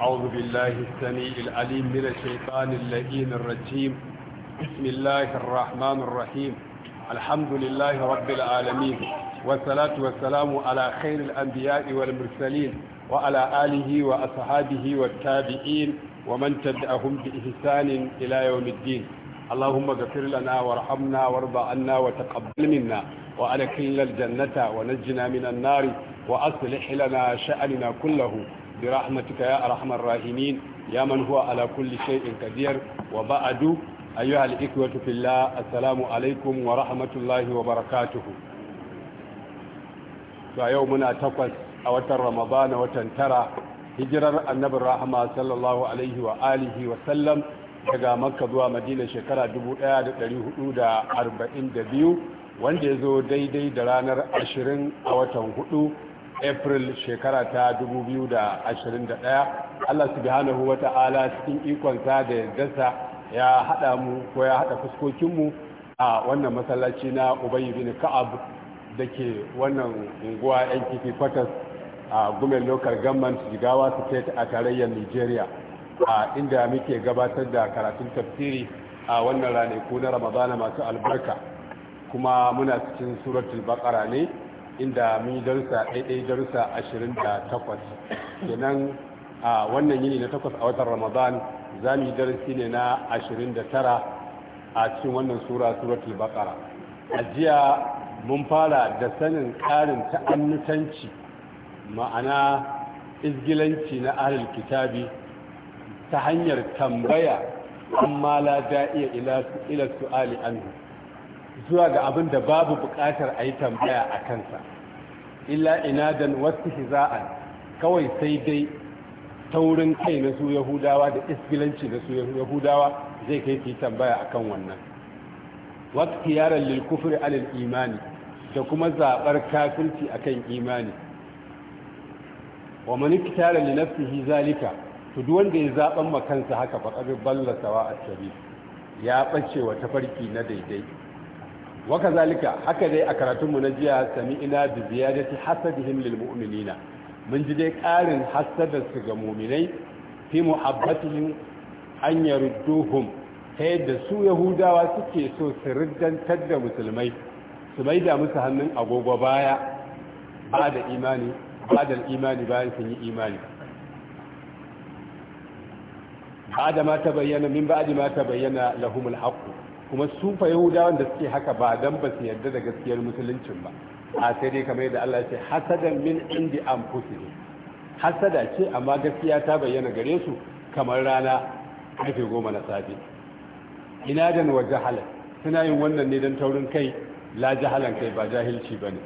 أعوذ بالله السميع العليم من الشيطان اللئيم الرجيم بسم الله الرحمن الرحيم الحمد لله رب العالمين والصلاة والسلام على خير الأنبياء والمرسلين وعلى آله وأصحابه والتابعين ومن تبعهم بإحسان إلى يوم الدين اللهم اغفر لنا وارحمنا وارض عنا وتقبل منا وأدخلنا الجنة ونجنا من النار وأصلح لنا شأننا كله برحمتك يا أرحم الراحمين يا من هو على كل شيء قدير وبعد أيها الإخوة في الله السلام عليكم ورحمة الله وبركاته فيومنا تقص أوتر رمضان وتنترى hijirar annabin rahama sallallahu alaihi wa alihi wa sallam daga makka zuwa madina shekara 1442 wanda ya zo daidai da ranar 20 a watan 4 april shekara ta 2021 allah subhanahu wa ta'ala cikin ikonsa da yardarsa ya haɗa mu ko ya haɗa mu. a wannan masallaci na ubayi bin ka'ab da ke wannan unguwa yan kifi kwatas a gumen local government jigawa state a tarayyar nigeria a inda muke gabatar da karatun tafsiri a wannan ranaku na ramadana masu albarka kuma muna cikin suratul baqara ne inda mun yi darussa ɗaiɗai darussa ashirin da takwas kenan a wannan yini na takwas a watan ramadan za mu yi darasi ne na ashirin da tara a cikin wannan sura suratul baqara a jiya mun fara da sanin ƙarin ta'annutanci ma'ana izgilanci na ahlul kitabi ta hanyar tambaya amma la da'iya ila su'ali anhu zuwa ga abin da babu buƙatar a yi tambaya a kansa illa inadan wasu hiza'an kawai sai dai taurin kai na su yahudawa da isgilanci na su yahudawa zai kai su yi tambaya a kan wannan wasu tiyarar lilkufir alil imani da kuma zaɓar kafirci a kan imani wa maniki tara li nafsihi zalika to duk wanda ya zaɓan makansa haka faɗaɗin balla sawa a shari'a ya ɓace wa tafarki na daidai wakazalika haka dai a karatunmu na jiya sami ina da ziyadati hasadihim lil mu'minina mun ji dai ƙarin hasadarsu ga mu'minai fi muhabbatihim an yarudduhum ta yadda su yahudawa suke so su riddantar da musulmai su mai da musu hannun agogo baya ba da imani ba da imani bayan sun yi imani ba da ma ta bayyana min ba da ma ta bayyana lahumul haqqu kuma sufa fa yahudawan da suke haka ba dan ba su yarda da gaskiyar musuluncin ba a sai dai kamar yadda Allah ce hasadan min indi fusi hasada ce amma gaskiya ta bayyana gare su kamar rana karfe goma na safe inadan wa jahala suna yin wannan ne don taurin kai la jahalan kai ba jahilci ne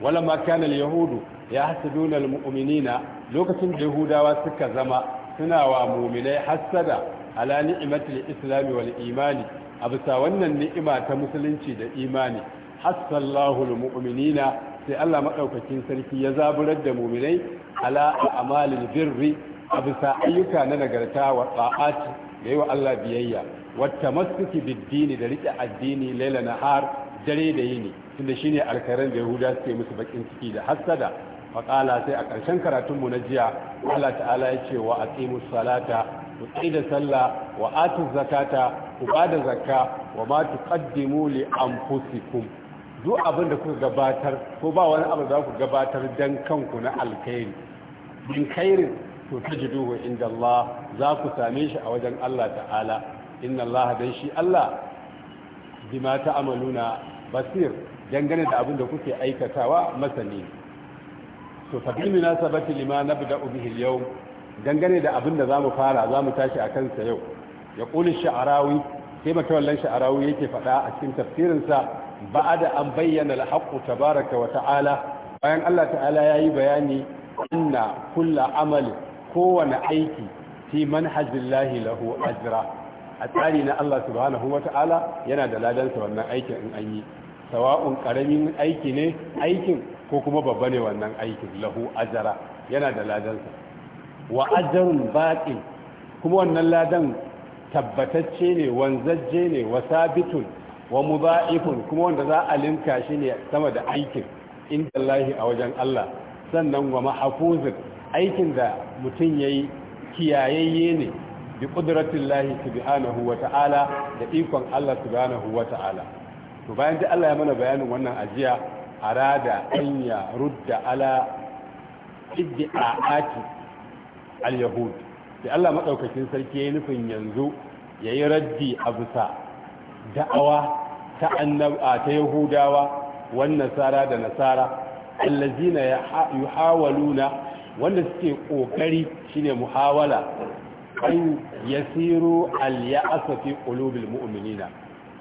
wala ma kana al yahudu ya hasaduna al mu'minina lokacin da yahudawa suka zama suna wa mu'minai hasada ala ni'matil islami wal imani a bisa wannan ni'ima ta musulunci da imani hassallahu almu'minina sai Allah maɗaukakin sarki ya zaburar da mu'minai ala a'malil birri a bisa ayyuka na nagarta wa ta'ati da yawa Allah biyayya wata masuki biddini da rike addini laila nahar dare da yini tunda shine alkaran da Yahuda suke musu bakin ciki da hassada? faƙala sai a ƙarshen karatunmu na jiya Allah ta'ala ya ce wa aqimus salata ku da sallah wa atu zakata ku ba da zakka wa ma tuqaddimu li anfusikum duk abin da kuka gabatar ko ba wani abu za ku gabatar dan kanku na alkhairi Bin khairin to tajiduhu inda Allah za ku same shi a wajen Allah ta'ala inna Allah dan shi Allah bima ta'amaluna basir dangane da abin da kuke aikatawa masani to fabil nasabati lima nabda bihi al-yawm dangane da abin da zamu fara zamu tashi akan sa yau ya ƙuli sha'arawi sai matawallan sha'arawi yake faɗa a cikin tafsirinsa ba da an bayyana alhaqqu tabaraka wa ta'ala bayan Allah ta'ala yayi bayani inna kulla amali kowane aiki fi manhajillahi lahu ajra a tsari na Allah subhanahu wa ta'ala yana da ladansa wannan aikin in an yi sawa'un ƙaramin aiki ne aikin ko kuma babba ne wannan aikin lahu ajara yana da ladansa wa ajrun kuma wannan ladan tabbatacce ne wanzajje ne wa sabitun wa mudha'ifun kuma wanda za a linka shi ne sama da aikin inda Allahi a wajen Allah sannan wa mahfuzun aikin da mutum yayi kiyayayye ne bi qudratin lahi subhanahu ta'ala da ikon Allah subhanahu wa ta'ala to bayan da Allah ya mana bayanin wannan ajiya arada an ya rudda ala iddi'aati al-yahud da Allah madaukakin sarki yi nufin yanzu yayi raddi a bisa da'awa ta annaba ta yahudawa wan nasara da nasara allazina yuhawaluna wanda suke kokari shine muhawala an yasiru al-ya'sa fi qulubil mu'minina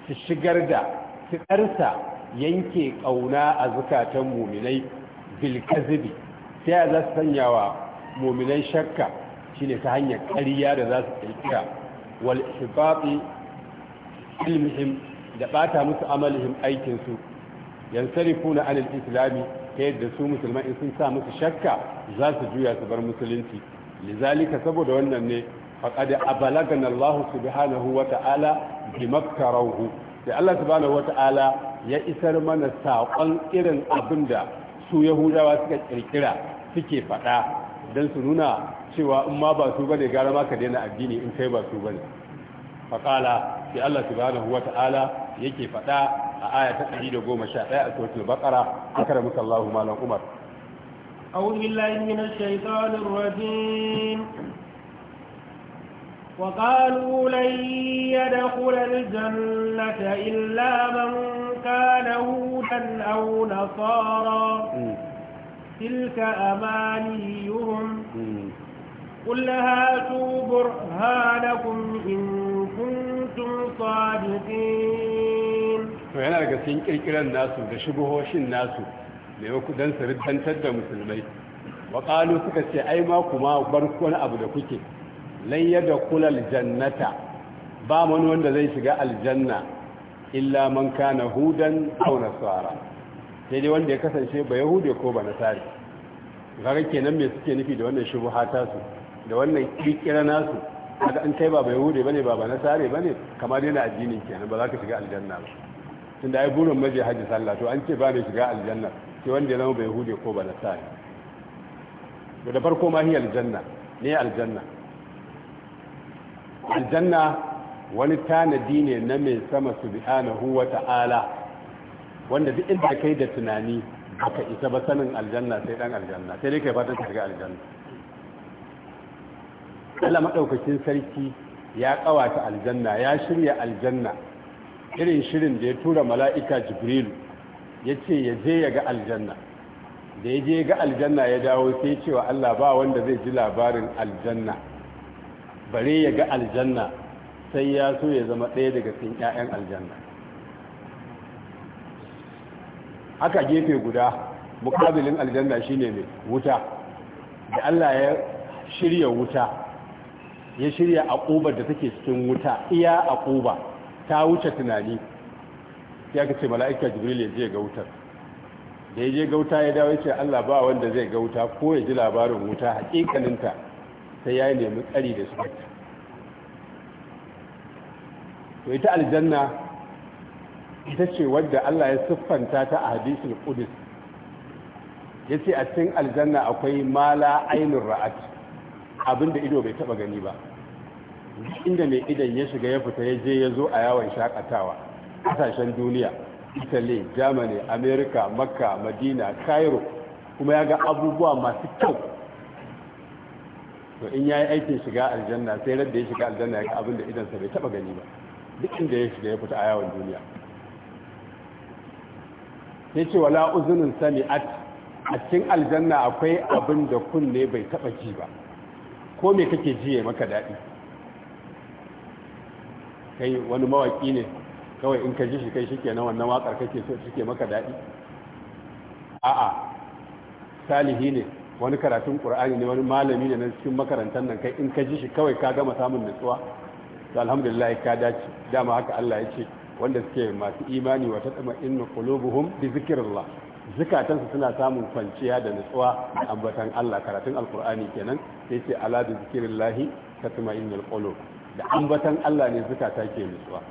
su shigar da su karsa yanke kauna a zukatan mu'minai bil kazibi sai za su sanyawa mu'minai shakka shine ta hanyar ƙarya da za su kirkira wal ihbati ilmihim da bata musu amalihim aikin su yansarifuna anil islami ta yadda su musulman in sun sa musu shakka za su juya su bar musulunci lizalika saboda wannan ne faqad a Allah subhanahu wa ta'ala bimakkarahu da Allah subhanahu wa ta'ala ya isar mana saƙon irin da su yahudawa suka ƙirƙira suke faɗa don su nuna cewa in ma ba su ne gara maka daina addini in kai ba su ne. faƙala sai Allah subhanahu wa ta'ala yake faɗa a aya ta 111 a suratul baqara akramaka Allahu malam Umar أعوذ بالله من الشيطان الرجيم وقالوا لن يدخل الجنة إلا من كان هودا أو نصارا تلك أمانيهم قل هاتوا برهانكم إن كنتم صادقين فأنا أقسين كيكرا الناس وشبهوش الناس لأنه دان سردان تدى مسلمين وقالوا سكتي أي ما كما بركونا أبو دكوكي لن يدخل الجنة ba wani wanda zai shiga aljanna illa man kana hudan aw nasara sai dai wanda ya kasance ba yahudu ko ba nasari kaga kenan mai suke nufi da wannan shubu hata su da wannan kirkira nasu haka an kai ba ba ba ne ba ba nasari ne kamar yana addinin kenan ba za ka shiga aljanna ba tunda ya burin maje haji sallah to an ce ba ne shiga aljanna sai wanda ya zama ba yahudu ko ba nasari to da farko ma hi aljanna ne aljanna aljanna wani tanadi ne na mai sama subhanahu wa ta'ala wanda duk inda kai da tunani baka isa ba sanin aljanna sai dan aljanna sai dai kai fatan ka shiga aljanna Allah madaukakin sarki ya kawata aljanna ya shirya aljanna irin shirin da ya tura mala'ika jibrilu yace ce ya je ya ga aljanna da ya je ga aljanna ya dawo sai cewa Allah ba wanda zai ji labarin aljanna bare ya ga aljanna sai ya so ya zama ɗaya daga cikin 'ya'yan aljanna haka gefe guda mukabilin aljanna shine mai wuta da Allah ya shirya wuta ya shirya akubar da take cikin wuta iya akuba ta wuce tunani ya kace mala'ika jibril ya je ga wutar da ya je ga wuta ya dawo ce Allah ba wanda zai ga wuta ko ya ji labarin wuta hakikaninta sai ya nemi tsari da su to ita aljanna ita ce wadda Allah ya siffanta ta a hadisul qudus yace a cikin aljanna akwai mala ainur ra'at abinda ido bai taba gani ba inda mai idan ya shiga ya fita ya je ya zo a yawon shakatawa kasashen duniya italy germany america makka madina cairo kuma ya ga abubuwa masu kyau to in ya aikin shiga aljanna sai radda ya shiga aljanna ya ga abinda sa bai taba gani ba duk inda ya shiga ya fita a yawon duniya sai ce wala uzunin sami'at a cikin aljanna akwai abin da kunne bai taba ji ba ko me kake ji ya maka daɗi kai wani mawaƙi ne kawai in ka ji shi kai shi ke na wannan waƙar kake so shi ke maka daɗi a'a salihi ne wani karatun ƙura'ani ne wani malami ne na cikin makarantar nan kai in ka ji shi kawai ka gama samun nutsuwa to alhamdulillah ka dace dama haka Allah ya ce wanda suke masu imani wa tatma inna qulubuhum bi zikrillah zukatansu suna samun kwanciya da nutsuwa da ambatan Allah karatun alkur'ani kenan sai ce ala bi zikrillahi tatma innal qulub da ambatan Allah ne zikata ke nutsuwa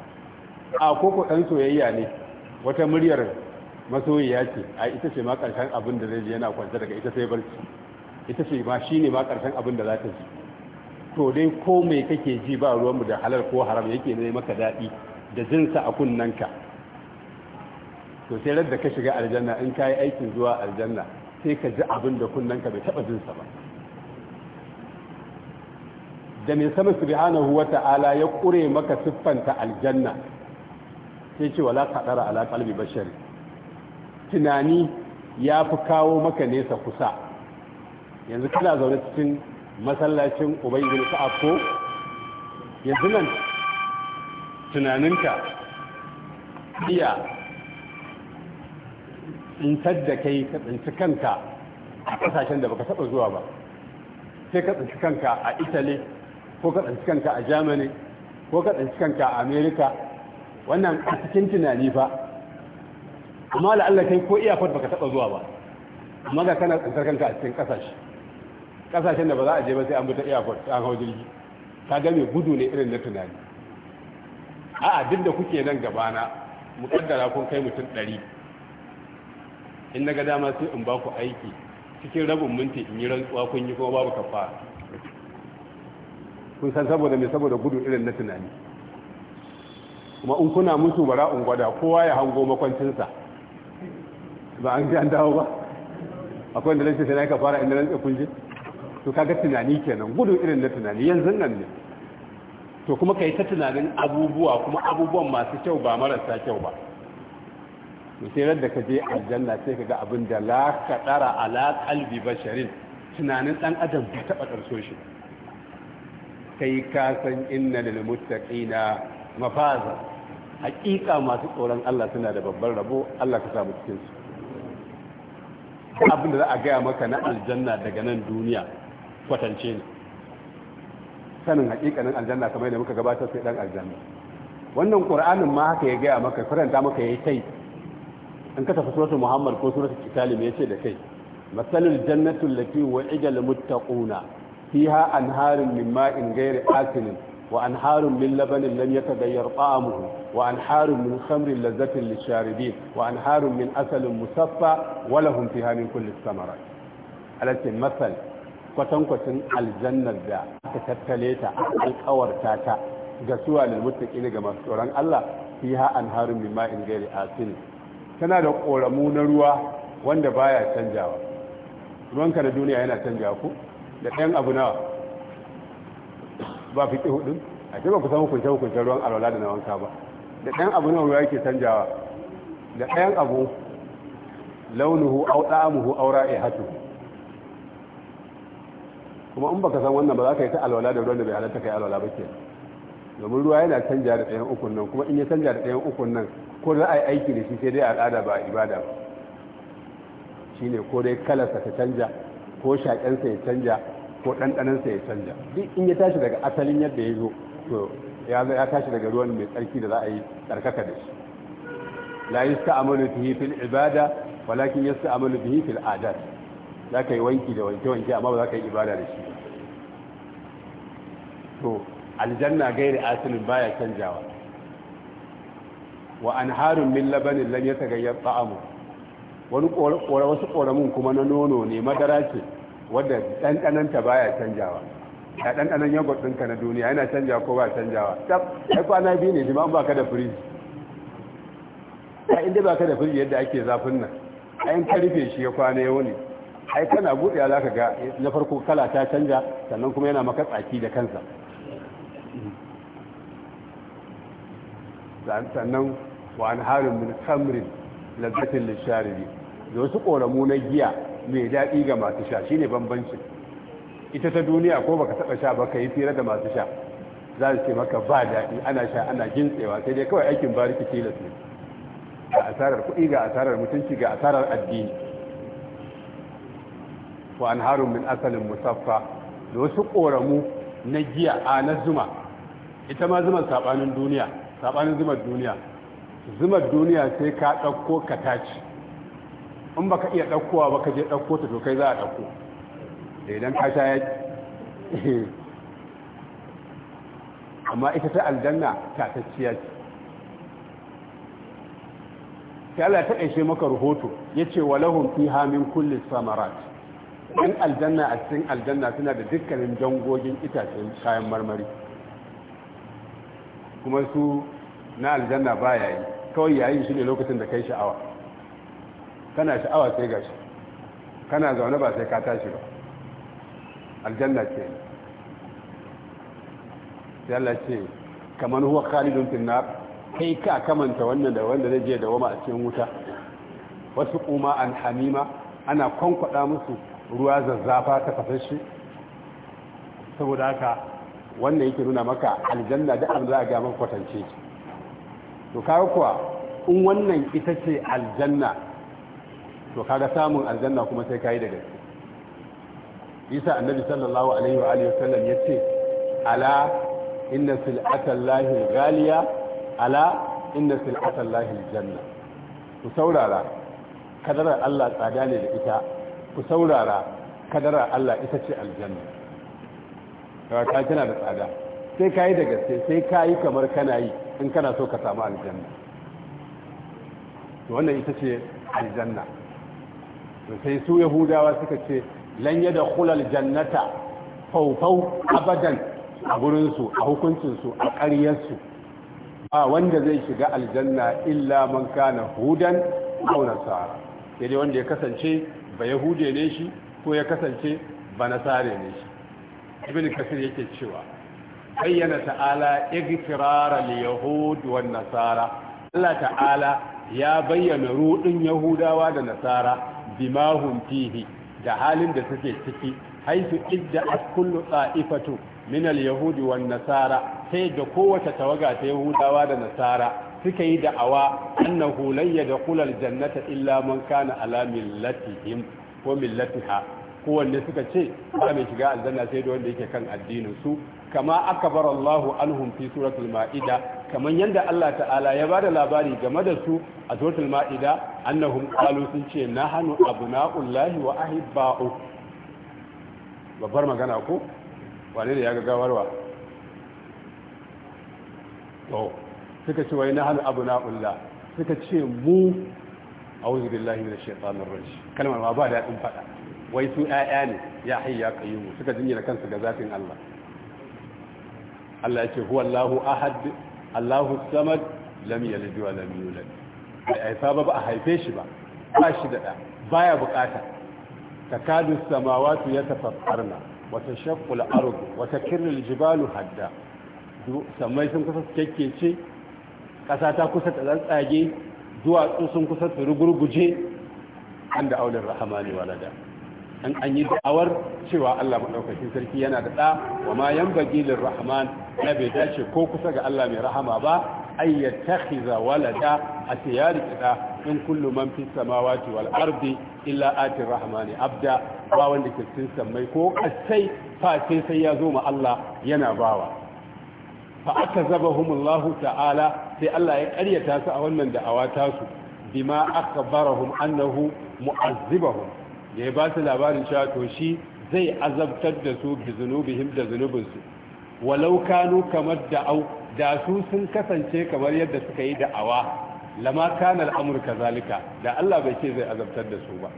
a koko dan soyayya ne wata muryar masoyiya ce a ita ce ma karshen abin da zai ji yana kwanta daga ita sai barci ita ce ma shine ma karshen abin da za ta ji to dai ko mai kake ji ba ruwanmu da halal ko haram yake ne maka daɗi da jinsa a kunnanka to sai ladda ka shiga aljanna in ka yi aikin zuwa aljanna sai ka ji abin da kunnanka bai taba jinsa ba da mai sama subhanahu wa ta'ala ya kure maka siffanta aljanna sai ce wala kaɗara ala kalbi bashari tunani ya fi kawo maka nesa kusa yanzu kana zaune cikin masallacin ubayi bin sa'ab ko yanzu nan tunaninka iya tsintar da kai ka tsinci kanka a ƙasashen da baka taɓa zuwa ba sai ka tsinci kanka a italy ko ka tsinci kanka a germany ko ka tsinci kanka a america wannan a cikin tunani fa amma la'alla kai ko iyakar baka taɓa zuwa ba amma ga kana tsintar kanka a cikin ƙasashe ƙasashen da ba za a je ba sai an bi ta iyakar an hau jirgi ka ga gudu ne irin na tunani a'a duk da kuke nan gabana mu kaddara kun kai mutum ɗari in na ga dama sai in ba ku aiki cikin rabin minti in yi rantsuwa kun yi kuma babu kafa kun san saboda mai saboda gudu irin na tunani kuma in kuna mutu bara in gwada kowa ya hango makwancinsa ba an ji an dawo ba akwai wanda ce sai na ka fara inda rantsa kun je to kaga tunani kenan gudu irin na tunani yanzu nan ne to kuma kai ta tunanin abubuwa kuma abubuwan masu kyau ba marasa kyau ba to sai da ka je aljanna sai ka ga abin da la ka tsara ala qalbi basharin tunanin dan adam ta taɓa karso shi kai ka san inna lil muttaqina mafaza hakika masu tsoron Allah suna da babban rabo Allah ka samu cikin su abin da za a gaya maka na aljanna daga nan duniya kwatance ne sanin hakikanin aljanna kamar da muka gabatar sai dan aljanna wannan qur'anin ma haka ya gaya maka faranta maka yayi kai in ka tafi suratul muhammad ko suratul kitali me yace da kai masalul jannatu allati wa'ida lil muttaquna fiha anharun min ma'in ghairi asilin wa anharun min labanin lam yataghayyar ta'amuhu wa anharun min khamrin lazzatin lisharibin wa anharun min asalin musaffa wa lahum fiha min kulli thamarat alatin masal kwatankwacin aljannar da aka tattale ta alkawarta ta ga suwa lil muttaqin ga masu tsoron Allah fiha anharun min ma'in a sini tana da ƙoramu na ruwa wanda baya canjawa ruwanka da duniya yana canjawa ku da ɗan abu nawa ba fi ki hudu a ce ba ku san hukunce hukuncen ruwan alwala da na wanka ba da ɗan abu nawa ruwa yake canjawa da ɗayan abu launuhu au ɗa'amuhu au raihatuhu kuma in baka san wannan ba za ka yi ta alwala da ruwan da bai halatta kai alwala ba ke domin ruwa yana canja da ɗayan ukun nan kuma in ya canja da ɗayan ukun nan ko za a yi aiki da shi sai dai al'ada ba ibada ba shine ko dai kalarsa ta canja ko shaƙensa ya canja ko ɗanɗanansa ya canja duk in ya tashi daga asalin yadda ya zo to ya tashi daga ruwan mai tsarki da za a yi tsarkaka da shi la amalu bihi fil ibada walakin amalu bihi fil adat za ka yi wanki da wanke wanke amma ba za ka yi ibada da shi to aljanna gairi asalin baya canjawa wa anharun min labanin lam yataghayyar ta'amu wani kore wasu koramin kuma na nono ne madara ce wadda dandananta baya canjawa ya dandanan yogurt ɗinka na duniya yana canjawa ko ba canjawa tab ai kwana biyu ne jima'an baka da firiji a inda baka da firiji yadda ake zafin nan ayin karfe shi ya kwana yau ne ai kana buɗe za ka ga na farko kala ta canja sannan kuma yana maka tsaki da kansa sannan wa an harin min kamrin lazzatin lisharibi da wasu ƙoramu na giya mai daɗi ga masu sha shine ne bambancin ita ta duniya ko baka taɓa sha ba ka yi fira da masu sha za su ce maka ba daɗi ana sha ana jintsewa sai dai kawai aikin bariki tilas ne ga asarar kuɗi ga asarar mutunci ga asarar addini wa anharun min asalin musaffa da wasu ƙoramu na giya a na zuma ita ma zuma saɓanin duniya saɓanin zuma duniya zuma duniya sai ka ɗauko ka taci in ba ka iya daukowa baka je ɗauko ta to kai za a ɗauko. Da idan ka sha yaki amma ita ta aljanna ta tacciya ce sai Allah ta ƙaishe maka rahoto ya ce wa walahun fi hamin kullum samarat in aljanna a cikin aljanna suna da dukkanin dangogin itacen kayan marmari kuma su na aljanna ba yayi kawai yayin shi ne lokacin da kai sha'awa kana sha'awa sai gashi kana zaune ba sai ka tashi ba aljanna ce sai Allah ce kamar huwa khalidun fil nar kai ka kamanta wannan da wanda zai je da wama a cikin wuta wasu kuma an hamima ana kwankwada musu ruwa zazzafa ta fasashe saboda haka wannan yake nuna maka aljanna da an za a ga maka kwatance to kaga kuwa in wannan ita ce aljanna to kaga samun aljanna kuma sai kayi da gaske isa annabi sallallahu alaihi wa alihi wasallam yace ala inna sil'atan lahi ghaliya ala inna sil'atan lahi aljanna ku saurara kadarar Allah tsada ne da ita ku saurara kadara Allah ita ce aljanna ka tana da tsada sai ka da gaske sai ka kamar kana yi in kana so ka samu aljanna wannan ita ce aljanna sai su yahudawa suka ce lan yada khulal jannata faufau abadan a gurinsu a hukuncinsu a ƙaryarsu ba wanda zai shiga aljanna illa man kana hudan aw nasara sai dai wanda ya kasance ba yahude ne shi ko ya kasance ba nasare ne shi ibn kasir yake cewa bayyana ta'ala igfirara li yahud wan nasara Allah ta'ala ya bayyana rudin yahudawa da nasara bima hum fihi da halin da suke ciki haitu idda kullu ta'ifatu min al-yahudi wan nasara sai da kowace tawaga ta yahudawa da nasara suka yi da'awa annahu da yadkhul aljannata illa man kana ala millatihim ko millatiha wanne suka ce ba mai shiga aljanna sai da wanda yake kan addinin su kama akbar Allah anhum fi suratul maida kaman yanda Allah ta'ala ya bada labari game da su a suratul maida annahum qalu sun ce nahnu abna'ullahi wa ahibba'u babbar magana ko wane ne ya ga gawarwa to suka ce wai abu abna'ullah suka ce mu a'udhu billahi minash shaitanir rajim kalmar ma ba da din fada wai su ƴaƴa ne ya hayya qayyum suka jinyira kansu ga zafin Allah Allah ya ce huwallahu ahad Allahu samad lam yalid wa lam yulad bai haifa ba ba a haife shi ba ba shi da da baya bukata takadu samawati yatafakkarna wa tashaqqu al-ardu wa takirru al-jibalu hadda Sammai sun kasa kekkece ƙasa ta kusa ta tsage, zuwa sun kusa su rugurguje an da aular rahamani walada an an yi da'awar cewa Allah maɗaukakin sarki yana da ɗa wa ma yan bagilin rahman na bai dace ko kusa ga Allah mai rahama ba an walada a tiyari ɗa in kullu man fi samawati wal ardi illa ati rahmani abda ba wanda ke cin sammai ko asai? fa sai sai ya zo ma Allah yana bawa fa aka zaba humullahu ta'ala sai Allah ya ƙaryata su a wannan da'awa tasu bima aka barahum annahu mu'azzibahum da ya ba su labarin cewa to shi zai azabtar da su bi zunubihim da zunubinsu walau kanu kamar da'au da su sun kasance kamar yadda suka yi da'awa lama kana al'amur kazalika da Allah bai ce zai azabtar da su ba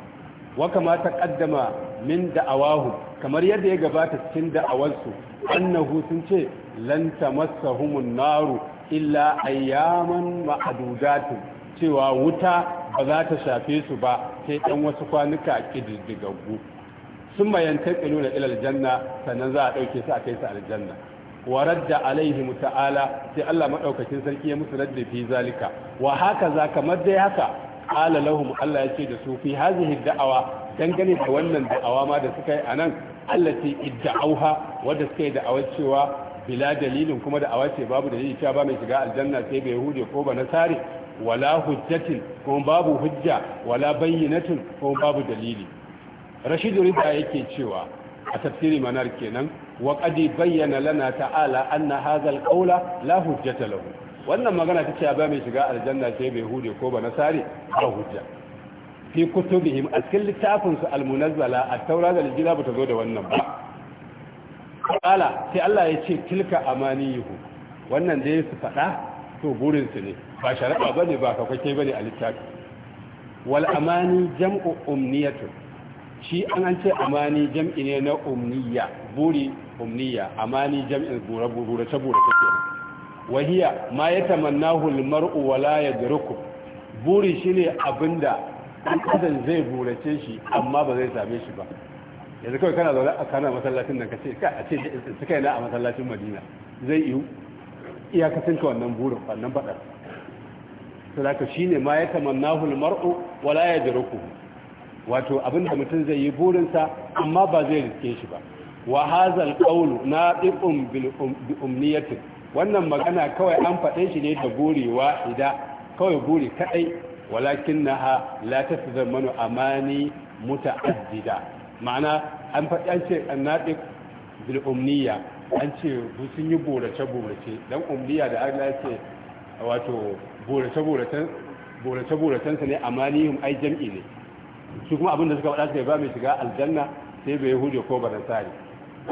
wa kama taqaddama min da'awahu kamar yadda ya gabata cikin da'awarsu annahu sun ce lan tamassahumun naru illa ayyaman ma'adudatin cewa wuta ba za ta shafe su ba sai ɗan wasu kwanuka ƙididdigaggu sun bayanta ƙilu na ilal janna sannan za a ɗauke su a kai su aljanna wa radda alaihi ta'ala sai Allah madaukakin sarki ya musu radda fi zalika wa haka za kamar dai haka qala lahum Allah yake da su fi hadhihi da'awa dangane da wannan da'awa ma da suka yi a nan allati idda'auha wadda suka yi da'awar cewa bila dalilin kuma da'awa ce babu dalili cewa ba mai shiga aljanna sai bai hude ko ba nasari wala hujjatin kuma babu hujja wala bayyinatin ko babu dalili rashidu rida yake cewa a tafsiri manar kenan wa qadi bayyana lana ta'ala anna hadha alqawla la hujjata lahu wannan magana ta cewa ba mai shiga aljanna sai bai hude ko ba nasari ba hujja fi kutubihim a cikin littafin su almunazzala a taura da lijila ba ta zo da wannan ba kala sai Allah ya ce tilka amaniyuhu wannan da su faɗa to burin su ne ba shari'a bane ba ba bane a littafi wal amani jam'u umniyatu shi an an ce amani jam'i ne na umniya buri umniya amani jam'in bura bura ta ta take wahiya ma yatamannahu al mar'u wa ya yadruku buri shine abinda an ƙasar zai burace shi amma ba zai same shi ba yanzu kawai kana zaune a kana masallacin nan ka ce ka a ce su kai na a masallacin madina zai yiwu iyakacin ka wannan burin wannan faɗar shi ne ma ya tamannahu almar'u wala ya yadruku wato abinda mutum zai yi burinsa amma ba zai riske shi ba wa hazal qawlu na ɗin um, umniyatin wannan magana kawai an faɗe shi ne da guri idan kawai guri kaɗai. Walakin walakinnaha la tazammanu amani muta'addida ma'ana an faɗi an ce annabi bil umniya an ce sun yi borace borace dan umniya da Allah ce wato borace boracen borace boracen sa ne amanihum ai jam'i ne su kuma abinda suka faɗa sai ba mai shiga aljanna sai bai hude ko barasari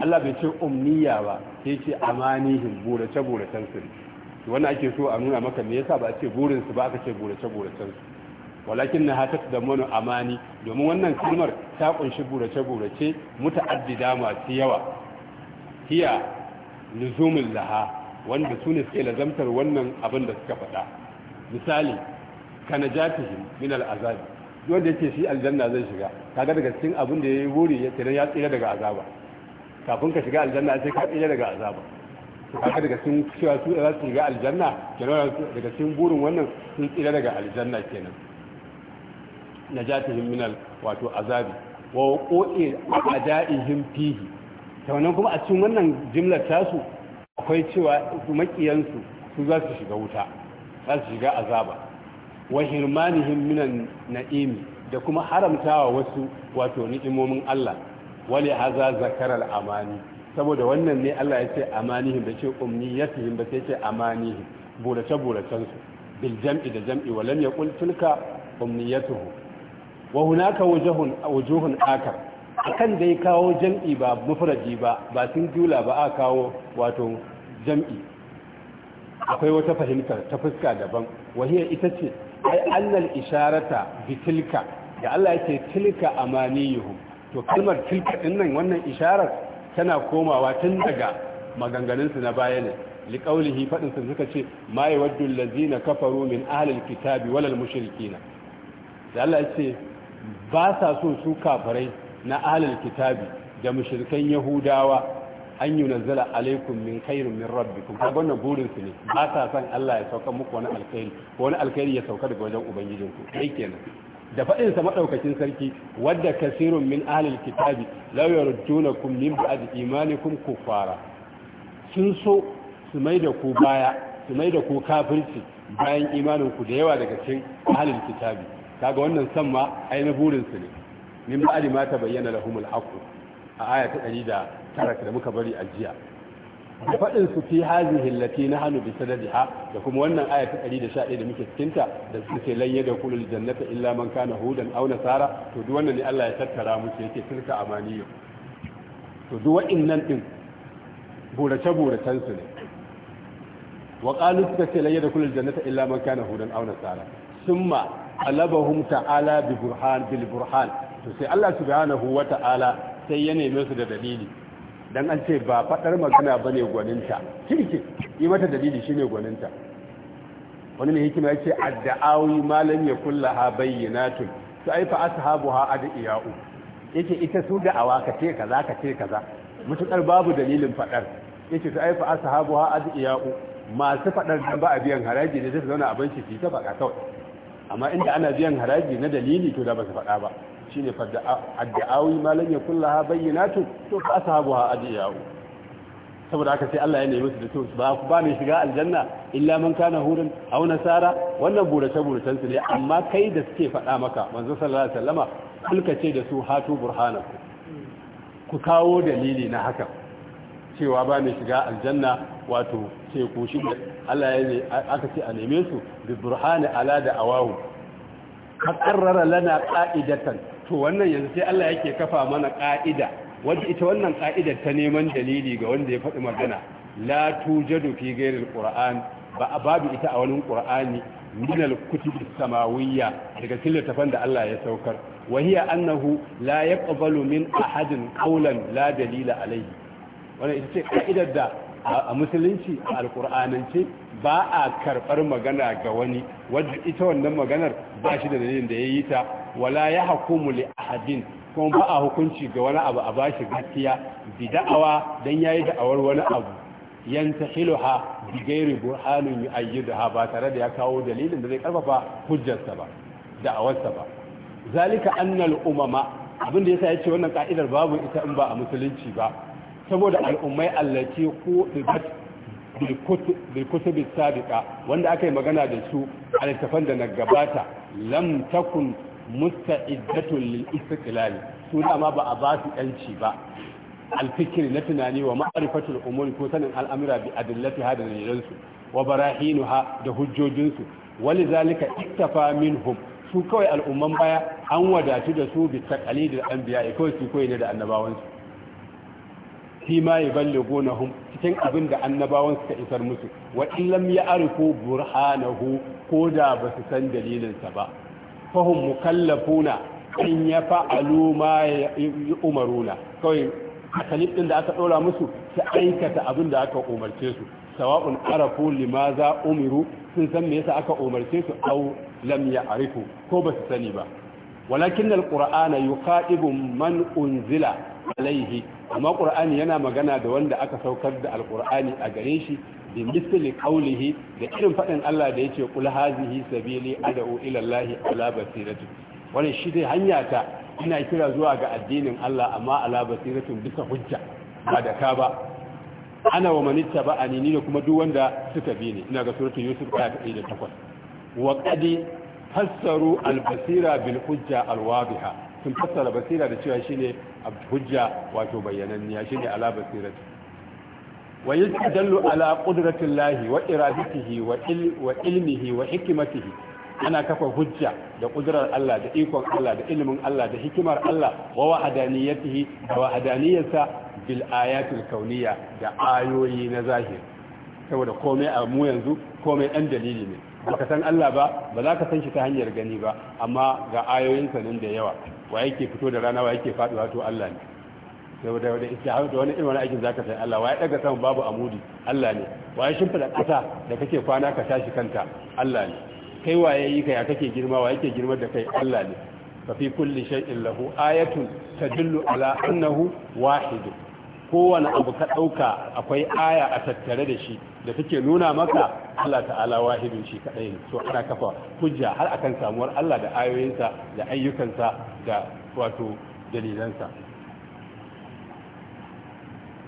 Allah bai ce umniya ba sai ce amanihim borace boracen su ne wannan ake so a nuna maka me yasa ba a ce burin su ba aka ce burace buracen su walakin na hatat da mano amani domin wannan kalmar ta kunshi burace burace muta'addida masu yawa hiya luzumul laha wanda su ne suke lazamtar wannan abin da suka faɗa misali kana jatihim min al'azabi wanda yake shi aljanna zai shiga kaga daga cikin abin da yayi buri ya tsira daga azaba kafin ka shiga aljanna sai ka tsira daga azaba haka daga sun cewa su za su ga aljanna kenan daga cikin burin wannan sun tsira daga aljanna kenan na najatihim minal wato azabi wa a da'ihin fihi ta wannan kuma a cikin wannan jimlar tasu akwai cewa makiyansu su za su shiga wuta za su shiga azaba wa hirmanihim minan na'imi da kuma haramtawa wasu wato ni'imomin Allah wale haza zakarar amani saboda wannan ne Allah ya ce amanihim da ce umniyatihim ba sai ce amanihim burace buracen su bil jam'i da jam'i wa lam yaqul tilka umniyatuhu wa hunaka wajhun wujuhun akar akan dai kawo jam'i ba mufradi ba ba jula ba a kawo wato jam'i akwai wata fahimtar ta fuska daban wahiyar ita ce ai annal isharata bi tilka da Allah yake tilka amaniyuhum to kalmar tilka dinnan wannan isharar tana komawa tun daga maganganunsu na baya ne liƙaulihi faɗinsu suka ce ma yi waddun lazina kafaru min ahalil kitabi walal mushrikina da Allah ce ba sa so su kafarai na ahalil kitabi da mushirkan yahudawa an yi nazala alaikum min kairun min rabbi kun. Ta gwanna gurinsu ne ba sa son Allah ya sauka muku wani alkhairi ya sauka daga wajen ubangijinku kai kenan da faɗin sa madaukakin sarki wadda kasirun min ahlil kitabi ba yardunakum min ba'd imanikum fara, sun so su mai da ku baya su mai da ku kafirci bayan imanin ku da yawa daga cikin ahlil kitabi Ta ga wannan san ma ainihin burin su ne min ba'd ma tabayyana lahumul haqq a aya ta 109 da muka bari a jiya da faɗin su fi hazihi allati na hannu bisa da jiha, da kuma wannan aya ta 111 da muke cikinta da da suke lan yada kulul jannata illa man kana hudan aw nasara to duk wannan ne Allah ya tattara mu musu yake tilka amaniyo to duk wa'annan din burace buracen su ne wa qalu suka ce lan yada kulul jannata illa man kana hudan au nasara thumma alabahum ta'ala bi burhan bil burhan to sai Allah subhanahu wa ta'ala sai ya neme su da dalili dan an ce ba faɗar magana ba ne gwaninta kirki yi mata dalili shi ne gwaninta wani ne hikima ya ce adda'awi malam ya kulla ha tun su ai fa ashabu ha iya'u yake ita su da awa ka ce kaza ka ce kaza mutukar babu dalilin faɗar yake su ai fa ashabu ha iya'u masu faɗar dan ba a biyan haraji ne sai su zauna a banki ta faɗa kawai amma inda ana biyan haraji na dalili to da ba su faɗa ba shine fadda'awi ya kulla ha bayyana tun to fa ashabuha adiyahu saboda aka sai Allah ya nemi su da to ba ku ba ne shiga aljanna illa man kana hurun aw nasara wannan ta burace buracen su ne amma kai da suke faɗa maka manzo sallallahu alaihi wasallama kulka ce da su hatu burhanakum ku kawo dalili na haka cewa ba ne shiga aljanna wato ce ku shi Allah ya ne aka ce a neme su bi burhani ala da awahu ka karrara lana qa'idatan to wannan yanzu sai Allah yake kafa mana ka'ida wanda ita wannan ka'idar ta neman dalili ga wanda ya faɗi magana la tujadu fi ghairil qur'an ba babu ita a wani qur'ani min al-kutub samawiyya daga cikin da Allah ya saukar wa hiya annahu la yaqbalu min ahadin qawlan la dalila alayhi wannan ita ce ka'idar da a musulunci a alkur'anance ba a karɓar magana ga wani wanda ita wannan maganar ba shi da dalilin da ya yi ta wala ya hukumu li ahadin kuma ba a hukunci ga wani abu a bashi gaskiya bi da'awa dan yayi da'awar wani abu yantahiluha bi ghairi burhanin yu'ayyidaha ba tare da ya kawo dalilin da zai karfafa hujjarsa ba da'awarsa ba zalika annal umama abin da yasa yace wannan ka'idar babu ita in ba a musulunci ba saboda al'ummai allati bil kutub sabiqa wanda aka yi magana da su a littafan da na gabata lam takun iddatun lil istiqlal su ma ba a ba su yanci ba fikri na tunani wa ma'arifatul umuri ko sanin al'amura bi adillati hada da wa barahinuha da hujjojinsu wali zalika iktafa minhum su kawai al'umman baya an wadatu da su bi taqalidil anbiya ko su koyi ne da annabawansu fi ma yuballighunahum cikin abin da annabawan suka isar musu wa illam ya'rifu burhanahu ko da ba su san dalilinsa ba fahim mukallafuna in ya fa'alu ma ya umaruna kawai akalib ɗin da aka ɗora musu ta aikata abin da aka umarce su sawa'un arafu limaza umiru sun san me yasa aka umarce su au lam ya arifu ko ba su sani ba walakin alqur'ana yuqadibu man unzila alaihi amma qur'ani yana magana da wanda aka saukar da alqur'ani a gare shi bi misli qawlihi da irin faɗin Allah da ya ce hazihi sabili ad'u ila allahi ala basiratu. wannan shi dai hanya ta ina kira zuwa ga addinin Allah amma ala basiratu bisa hujja ba da ka ba ana wa manitta ba ni da kuma duk wanda suka bi ne. ina ga suratul yusuf ayat 108 wa qadi fassaru al-basira bil hujja sun fassara basira da cewa shine hujja wato bayyananniya shine ala basirati wa yastadallu ala qudratillahi wa iradatihi wa il wa ilmihi wa hikmatihi ana kafa hujja da kudurar Allah da ikon Allah da ilimin Allah da hikimar Allah wa wahadaniyatihi da wahadaniyarsa bil ayatil kauniyya da ayoyi na zahiri saboda komai a mu yanzu komai ɗan dalili ne baka san Allah ba ba za ka san shi ta hanyar gani ba amma ga ayoyinsa nan da yawa wa yake fito da rana wa yake faduwa to Allah ne saboda wanda da wani irin wani aikin zaka san Allah wa ya daga sama babu amudi Allah ne wa ya shimfida kasa da kake kwana ka tashi kanta Allah ne kai wa yayi kai kake girma wa yake girma da kai Allah ne fa fi kulli shay'in lahu ayatun tadullu ala annahu wahid kowane abu ka ɗauka akwai aya a tattare da shi da take nuna maka Allah ta'ala wahidin shi kaɗai ne so ana kafa hujja har akan samuwar Allah da ayoyinsa da ayyukansa da wato dalilansa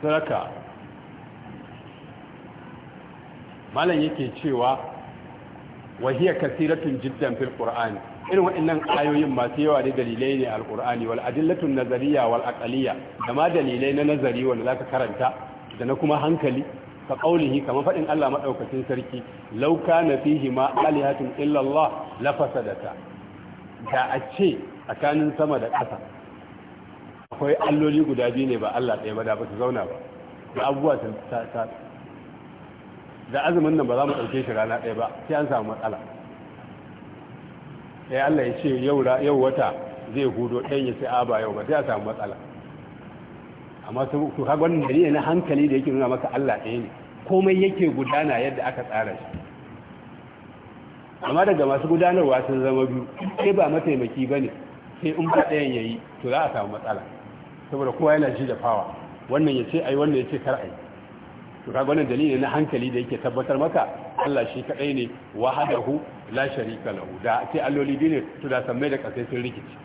saraka malam yake cewa wahiya kasiratun jiddan fil qur'ani irin waɗannan ayoyin masu yawa da dalilai ne alkur'ani wal adillatun nazariya wal aqliya da ma dalilai na nazari wanda zaka karanta da na kuma hankali ka qaulihi kamar fadin Allah madaukakin sarki law kana fihi ma alihatun illa Allah la fasadata da a ce tsakanin sama da ƙasa akwai alloli guda biyu ne ba Allah ɗaya ba da ba su zauna ba da abubuwa ta da azumin nan ba za mu ɗauke shi rana ɗaya ba sai an samu matsala ɗaya Allah ya ce yau wata zai hudo ɗan ya ce a ba yau ba sai a samu matsala amma su kaga wannan ne na hankali da yake nuna maka Allah ɗaya ne komai yake gudana yadda aka tsara shi amma daga masu gudanarwa sun zama biyu sai ba mataimaki ba ne sai in ba ɗayan ya yi to za a samu matsala saboda kowa yana ji da fawa wannan ya ce ai wannan ya ce kar ai to kaga wannan dalili na hankali da yake tabbatar maka Allah shi kadai ne wahadahu la sharika lahu da sai alloli biyu ne to da sammai da kasai sun rikici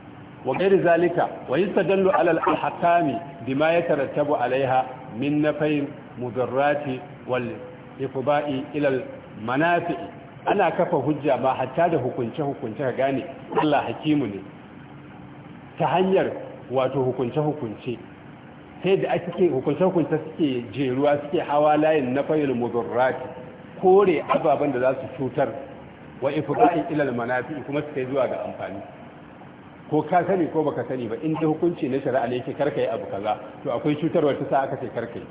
wa gairi zalika wa yastadallu ala al-ahkami bima yatarattabu alaiha min nafayin mudarrati wal ifba'i ila al-manafi ana kafa hujja ma hatta da hukunce hukunce ka gane Allah hakimu ne ta hanyar wato hukunce hukunce sai da ake hukunce hukunce suke jeruwa suke hawa layin nafayil mudarrati kore ababen da za su cutar wa ifqa'i ila al-manafi kuma suka yi zuwa ga amfani ko ka sani ko baka sani ba in da hukunci na shari'a ne yake karkai yi abu kaza to akwai cutarwar ta sa aka ce karkai yi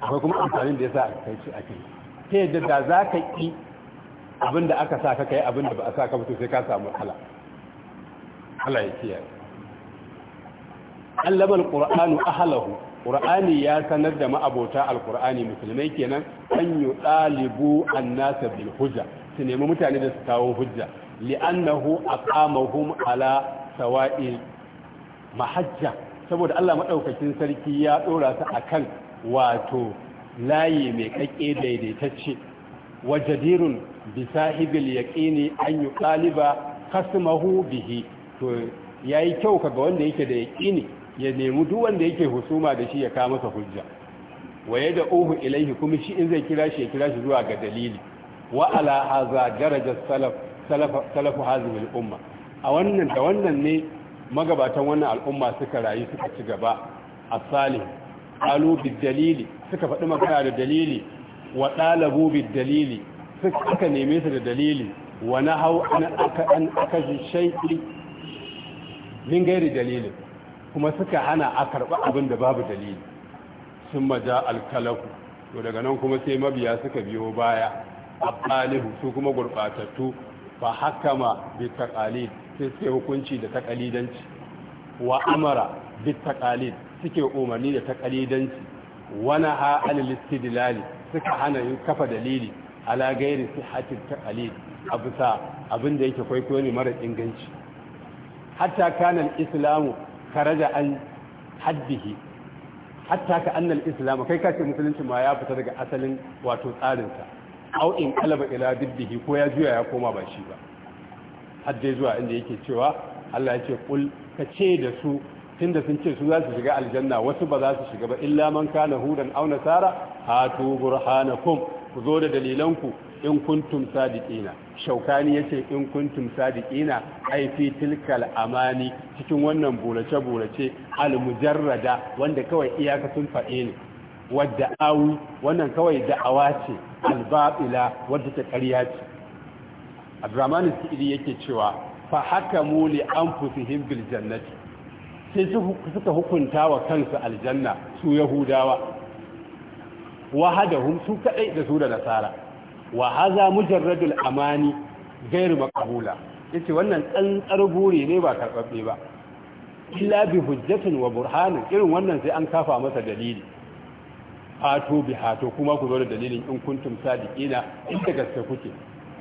akwai kuma amfanin da ya sa aka kai shi kai ta yadda da za ka yi abin da aka sa ka kai abin da ba a sa ka fito sai ka samu ala ala ya kiyaye allabar a halahu ƙura'ani ya sanar da ma'abota alƙura'ani musulmai kenan an yi ɗalibu an nasa bil hujja su nemi mutane da su kawo hujja li'annahu aqamahum ala sawa'il mahajja saboda Allah madaukakin sarki ya dora su akan wato layi mai kakke daidaitacce wajadirun bi sahibil yaqini an yuqaliba khasmahu bihi to yayi kyau kaga wanda yake da yaqini ya nemi duk wanda yake husuma da shi ya kawo masa hujja waye da uhu ilaihi kuma shi in zai kira shi ya kira shi zuwa ga dalili wa ala haza daraja salaf salafu hazin al'umma a wannan da wannan ne magabatan wannan al'umma suka rayu suka ci gaba a salih alu dalili suka faɗi magana da dalili wa ɗalabu dalili suka neme su da dalili wa na hau an aka shaiɗi min gairi dalilin kuma suka hana a karɓi abin da babu dalili sun maja alkalaku to daga nan kuma sai mabiya suka biyo baya abalihu su kuma gurbatattu fa hakama bi taqalid sai suke hukunci da taqalidanci wa amara bi taqalid suke umarni da taqalidanci wa naha alil istidlal suka hana yin kafa dalili ala gairi sihhatit taqalid abusa abinda yake kwaikwayo ne mara inganci hatta kana al-islamu karaja an haddihi hatta ka annal islamu kai kace musulunci ma ya fita daga asalin wato tsarinsa au in kalaba ila dibbihi ko ya juya ya koma ba shi ba har dai zuwa inda yake cewa Allah ya ce kul ka ce da su tunda sun ce su za su shiga aljanna wasu ba za su shiga ba illa man kana hudan aw nasara hatu burhanakum ku zo da dalilanku in kuntum sadiqina shaukani yace in kuntum sadiqina ai fi tilkal amani cikin wannan burace burace almujarrada wanda kawai iyaka sun faɗe ne wadda awu wannan kawai da'awa ce albabila wadda ta ƙarya ce abdurrahman sa'idi yake cewa fa haka muli an fusi Himbil jannati sai suka hukunta wa kansu aljanna su yahudawa wahadahum su kaɗai da su da nasara wa mu mujarradul amani gairu ya ce wannan tsantsar buri ne ba karɓaɓɓe ba illa bi hujjatin wa burhanin irin wannan sai an kafa masa dalili Hato bi hato kuma ku zo da dalilin in kuntum sadiqina in da gaske kuke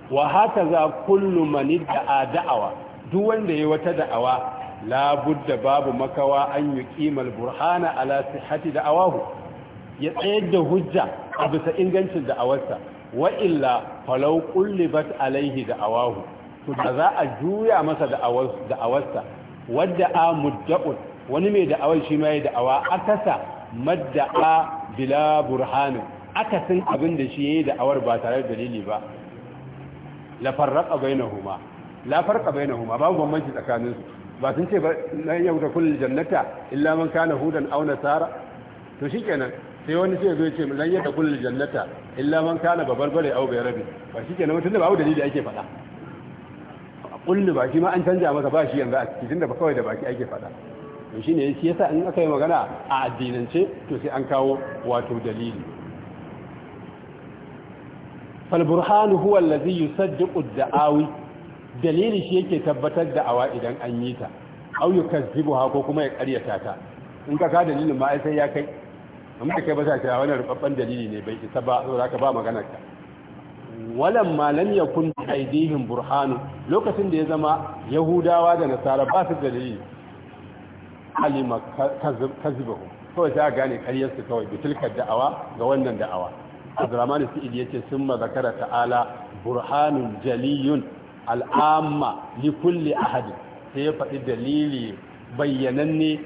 wa haka za kullu man da'a da'awa duk wanda yayi wata da'awa la budda babu makawa an yuqima burhana ala sihhati da'awahu ya tsayar da hujja a bisa ingancin da'awarsa wa illa falau qullibat alaihi da'awahu to da za a juya masa da'awarsa wadda a mudda'un wani mai da'awar shi mai da'awa akasa a bila burhanin akasin abin da shi yayi da'awar ba tare da dalili ba la farraqa bainahuma la farqa bainahuma babu bambanci tsakanin su ba sun ce ba lan yauda kullul jannata illa man kana hudan aw nasara to shikenan sai wani sai zai ce lan yauda kullul jannata illa man kana babarbare aw bayrabi ba shikenan mutum da babu dalili ake faɗa kullu ba shi ma an canja masa ba shi yanzu a cikin da ba kawai da baki ake faɗa to ne shi yasa in aka yi magana a addinance to sai an kawo wato dalili Falburhanu burhan huwa allazi yusaddiqu ad-da'awi dalili shi yake tabbatar da awa idan an yi ta au yukazzibuha ko kuma ya karyata ta in ka ka dalilin ma sai ya kai amma kai ba sa ta wannan rubabban dalili ne bai isa ba za ka ba magana ka walan ma lam yakun aidihim burhanu. lokacin da ya zama yahudawa da nasara ba su dalili alima kazibahu kawai sai a gane karyarsu kawai bitilkar da'awa ga wannan da'awa abdurrahman sa'id ya ce sun ta'ala burhanun jaliyun al'amma li kulli ahad sai ya faɗi dalili bayyananne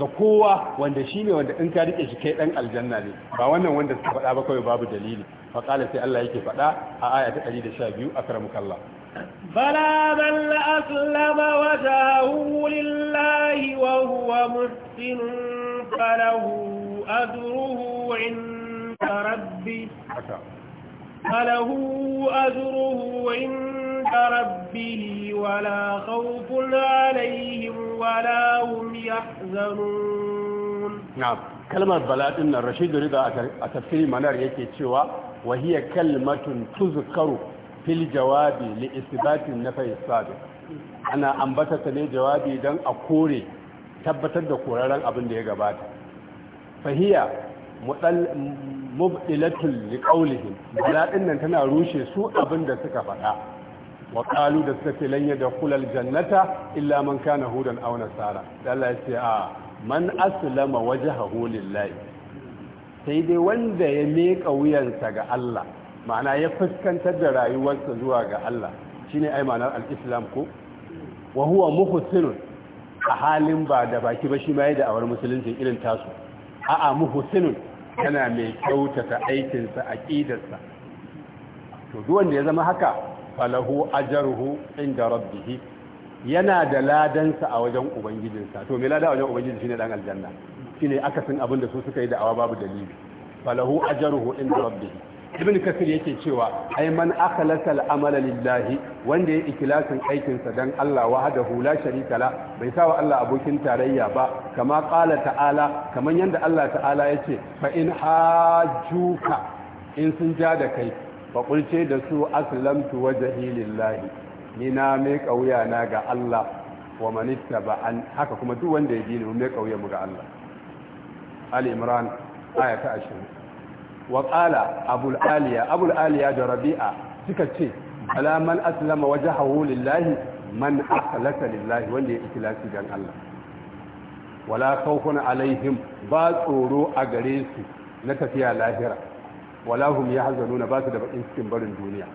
ga kowa wanda ne wanda in ka rike shi kai ɗan aljanna ne ba wannan wanda suka faɗa ba kawai babu dalili fa sai Allah yake faɗa a aya ta 112 akramukallah فلا من أسلم وجاءه لله وهو محسن فله أجره عند ربه فله أجره عند ربه ولا خوف عليهم ولا هم يحزنون نعم كلمة بلاء إن الرشيد رضا أتفكري منار يكي تشوى وهي كلمة تذكر fil jawabi li isbatin nafai sabiq ana ambata ta ne jawabi dan a kore tabbatar da koraren abin da ya gabata fahiya mubdilatul liqaulihim baladin nan tana rushe su abin da suka faɗa wa qalu da suka ce da kulal jannata illa man kana hudan aw nasara Allah ya ce a man aslama wajhahu lillahi sai dai wanda ya meka wuyansa ga Allah ma'ana ya fuskantar da rayuwarsa zuwa ga Allah Shi ne aimanar al'islam ko wa huwa muhsinun a halin ba da baki ba shi ma da awar musulunci irin tasu a'a muhsinun yana mai kyautata aikinsa a ƙidarsa to duwanda ya zama haka falahu ajruhu inda rabbihi yana da ladansa a wajen ubangijinsa to me lada a wajen ubangiji ne dan aljanna Shi ne akasin abin da su suka yi da awa babu dalili falahu ajruhu inda rabbihi ibn kasir yake cewa ai man akhlasa al-amala lillahi wanda ya ikhlasin aikin sa dan Allah wahdahu la sharika la bai sawa Allah abokin tarayya ba kama qala ta'ala kaman yanda Allah ta'ala yace fa in hajuka in sun ja da kai fa kulce da su aslamtu wajhi lillahi ni na mai kauya na ga Allah wa man an haka kuma duk wanda ya bi ni mai kauya mu ga Allah Ali Imran aya ta wa qala abul aliya abul aliya da rabi'a suka ce ala man aslama wajhahu lillahi man akhlasa lillahi wanda ya ikhlasi dan Allah wala khawfun alaihim ba tsoro a gare su na tafiya lahira wala hum nuna ba su da bakin cikin barin duniya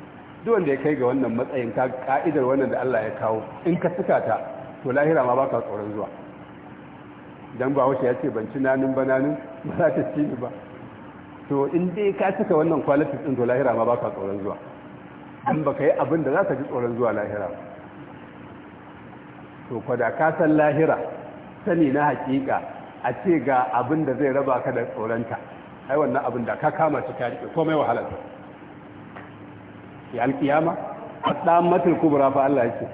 duk wanda ya kai ga wannan matsayin ka ka'idar wannan da Allah ya kawo in ka suka ta to lahira ma baka tsoron zuwa dan ba wace ya ce ban ci nanin bananin ba za ta ci ni ba to in dai ka cika wannan quality din to lahira ma ba ka tsoron zuwa in baka yi abin da za ka ji tsoron zuwa lahira to kwada ka san lahira sani na hakika a ce ga abin da zai raba ka da tsoronta ai wannan abin da ka kama shi ka rike komai wahalar ya alkiyama matul kubra fa Allah yake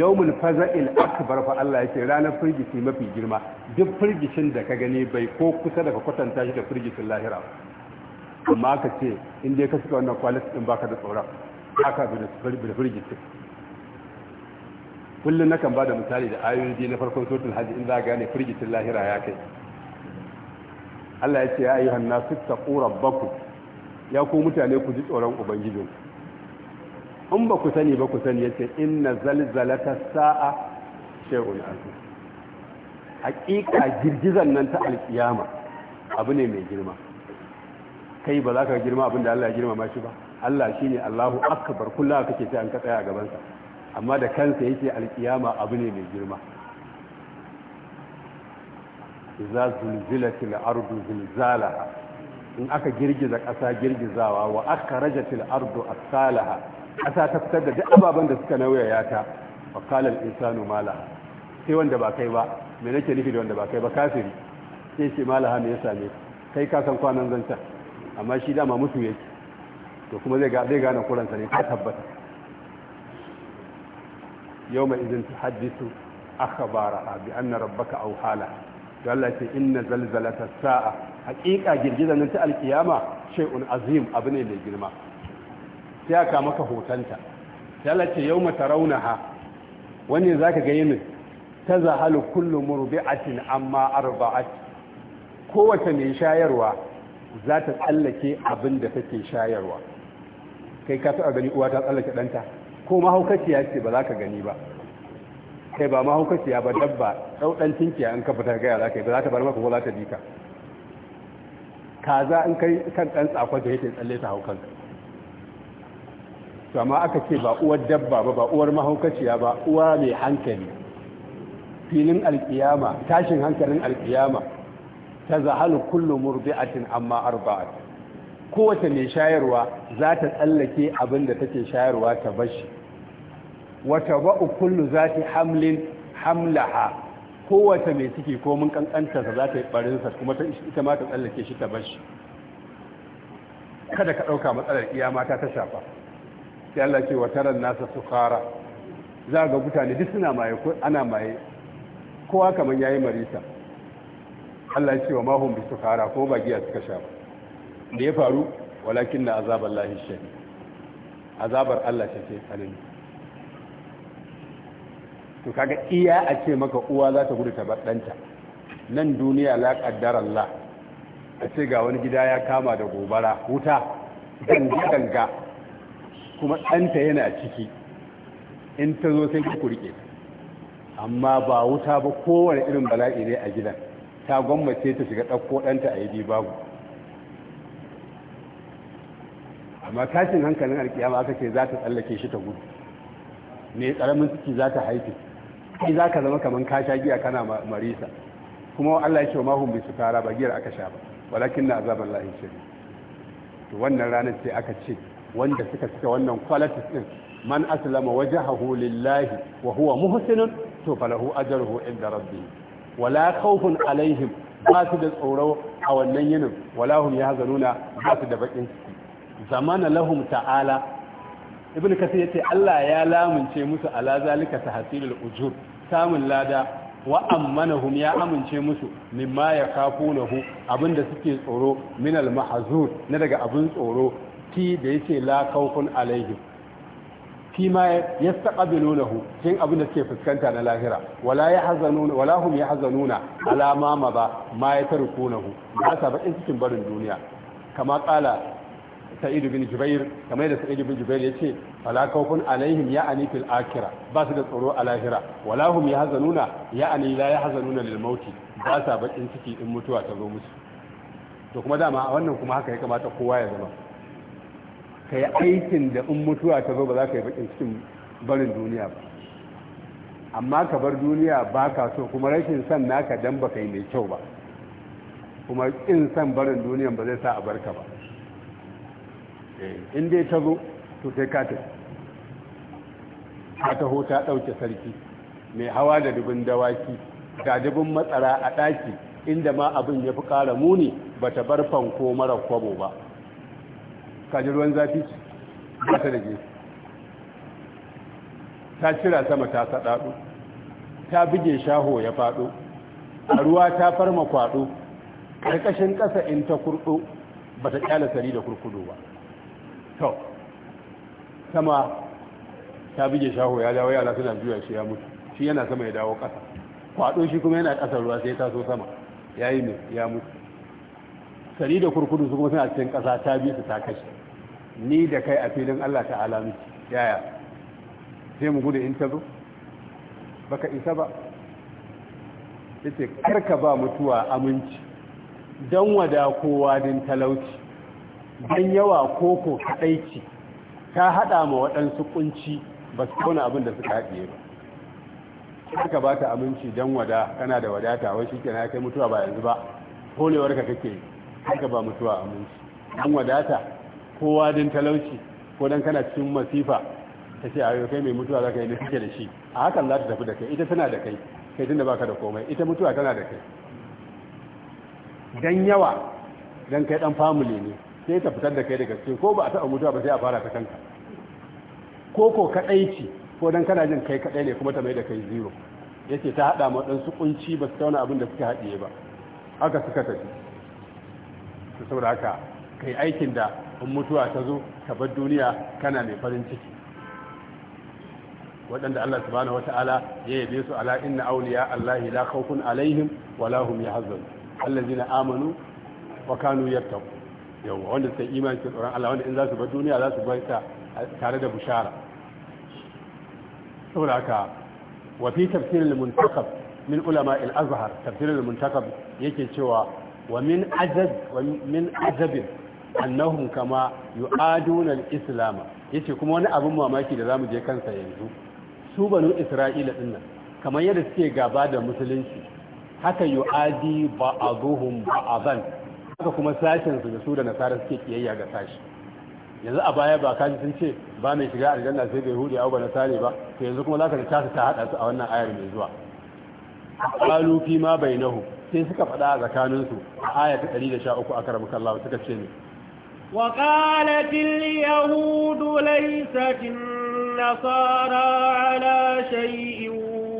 yawmul faza'il akbar fa Allah yake ranar firgici mafi girma duk firgicin da ka gani bai ko kusa daga kwatanta shi da firgicin lahira amma ka ce in dai ka suka wannan kwalisi din baka da tsoron haka da firgice kullum na kan ba da misali da ayoyi na farkon sotun hajji in za a gane firgicin lahira ya kai Allah ya ce ya ayyuhan nasu taqu baku ya ku mutane ku ji tsoron ubangijin in ba ku sani ba ku sani ya ce inna zalzalata sa'a shehun azim hakika girgizan nan ta alkiyama abu ne mai girma kai ba za ka girma abin da Allah ya girmama shi ba Allah shi ne Allahu akabar kullum kake sai an ka tsaya a gabansa amma da kansa yake alkiyama abu ne mai girma idza zulzilatil ardu zilzalaha in aka girgiza ƙasa girgizawa wa akhrajatil ardu asalaha ƙasa ta fitar da duk ababen da suka ya ta fa qala insanu malaha sai wanda ba kai ba me nake nufi da wanda ba kai ba kafiri sai shi malaha me ya same kai ka san kwanan zancan amma shi dama musu yake to kuma zai gane kuransa ne ka tabbata yau mai izin haddisu akhbara bi anna rabbaka aw hala to Allah ce inna zalzalata sa'a haqiqa girgizan nan ta alkiyama shay'un azim abu ne mai girma sai aka maka hotanta sai Allah ce rauna ha wani zaka ga yin zahalu kullu murbi'atin amma arba'at kowace mai shayarwa za ta tsallake abin da take shayarwa kai ka taɓa gani uwa ta tsallake ɗanta ko mahaukaciya ce ba za ka gani ba kai ba mahaukaciya ba dabba ɗauɗan tinkiya in kafa ta gaya za ka yi ba za ta bar maka ko za ta bi ka kaza in kai kan ɗan tsakon da yake tsalle ta haukan to amma aka ce ba uwar dabba ba ba uwar mahaukaciya ba uwa mai hankali filin alkiyama tashin hankalin alkiyama ta zahalu kullu murbi'atin amma arba'at kowace mai shayarwa za ta tsallake abin da take shayarwa ta bashi wata ba'u kullu za ta hamlin hamlaha kowace mai ciki ko mun kankantarsa za ta yi barinsa kuma ita ma ta tsallake shi ta bashi kada ka ɗauka matsalar iya mata ta shafa sai Allah ce wa taran nasa sukara za ga mutane duk suna maye ana maye kowa kamar yayi marisa Allah ya ce wa mahum bi sukara ko ba giya suka sha ba da ya faru walakin na azabar lahi shari azabar Allah ta ce tsanin to kaga iya a ce maka uwa za ta gudu ta baɗanta nan duniya la ƙaddar Allah a ce ga wani gida ya kama da gobara wuta ganga-ganga kuma ɗanta yana ciki in ta zo sai ku rike amma ba wuta ba kowane irin bala'i ne a gidan ta gwammace ta shiga ɗauko ɗanta a yi babu amma tashin hankalin alkiyama aka ce za ta tsallake shi ta gudu ne ƙaramin ciki za ta haifi kai za ka zama kamar kasha giya kana marisa kuma Allah ya ce ma hun su fara, ba giyar aka sha ba walakin na azabar lahi shirin to wannan ranar ce aka ce wanda suka cika wannan qualities ɗin, man aslama hahu lillahi wa huwa muhsinun to falahu ajruhu da rabbi wala khawfun alaihim ba su da tsoro a wannan yinin wala hum yahzanuna ba su da bakin zamana lahum ta'ala ibn kasir yace Allah ya lamunce musu ala zalika tahsilul ujur samun lada wa ammanahum ya amince musu mimma yakafunahu abinda suke tsoro minal mahzur na daga abin tsoro ti da yace la khawfun alaihim fi ma yastaqbilunahu cin abin da suke fuskanta na lahira wala yahzanuna wala haza nuna alama ma ba ma hu ba sa bakin cikin barin duniya kama kala Sa'idu bin jubair kama yadda Sa'idu bin jubair ce, fala khawfun alaihim ya'ani fil akira ba su da tsoro a lahira wala hum ya ani la yahzanuna lil maut ba sa bakin ciki in mutuwa ta zo musu to kuma dama wannan kuma haka ya kamata kowa ya zama ka yi aikin da in mutuwa ta zo ba za ka yi bakin cikin barin duniya ba amma ka bar duniya ba ka so kuma rashin son naka dan ba ka yi mai kyau ba kuma in son barin duniyan ba zai sa a barka ba eh, in dai ta zo to sai ka ta taho ta ɗauke sarki mai hawa da dubin dawaki da dubin matsara a ɗaki inda ma abin ya fi ƙara muni ba ta bar fanko mara kwabo ba kaji ruwan zafi ba ta da ta cira sama ta saɗaɗo ta buge shaho ya faɗo a ruwa ta farma kwaɗo ƙarƙashin ƙasa in ta kurɗo ba ta ƙyala sari da kurkudu ba to sama ta buge shaho ya dawo yana suna juya shi ya mutu shi yana sama ya dawo ƙasa kwaɗo shi kuma yana ƙasa ruwa sai ta so sama ya yi ya mutu Sari da kurkudu su kuma suna cikin ƙasa ta biyu su ta kashe ni da kai a filin Allah ta'ala miki yaya sai mu gudu in ta zo baka isa ba yace karka ba mutuwa aminci don wada kowa din talauci don yawa koko kaɗaici, ta haɗa ma waɗansu kunci ba su kona abin da suka haɗiye ba suka ba ta aminci don wada kana da wadata wai shi kenan kai mutuwa ba yanzu ba holewar ka kake haka ba mutuwa a aminci an wadata kowa din talauci ko dan kana cikin masifa ta ce ayo kai mai mutuwa za ka yi kake da shi a hakan za ta tafi da kai ita tana da kai kai tunda baka da komai ita mutuwa tana da kai dan yawa dan kai dan family ne sai ta fitar da kai daga cikin ko ba a taɓa mutuwa ba sai a fara ta kanka ko ko kaɗai ce ko dan kana jin kai kaɗai ne kuma ta mai da kai zero yace ta haɗa ma su kunci ba su tauna abin da suke haɗiye ba haka suka tafi to saboda haka kai aikin da in mutuwa ta zo ka bar duniya kana mai farin ciki waɗanda Allah subhanahu wata'ala ya yabe su ala inna awliya Allahi la khawfun alaihim wa la hum yahzanun allazina amanu wa kanu yattaqun yawa wanda sai imani ke tsoron Allah wanda in za su bar duniya za su bar ta tare da bushara saboda haka wa fi tafsir al-muntakab min ulama al-azhar tafsir al-muntakab yake cewa ومن عجب ومن عجب انهم kama yu'aduna الاسلام yace kuma wani abin mamaki da zamu je kansa yanzu su banu isra'ila nan kamar yadda suke gaba da musulunci haka yu'adi ba'aduhum ba'adan haka kuma sashen su da su da nasara suke kiyayya ga sashi yanzu a baya ba kaji sun ce ba mai shiga aljanna sai da yahudi au ba nasare ba to yanzu kuma zaka ta ta hada su a wannan ayar mai zuwa qalu fi ma bainahum sai suka faɗa a tsakaninsu a aya ta 113 aka rabu kallawa suka ce ne وقالت اليهود ليست النصارى على شيء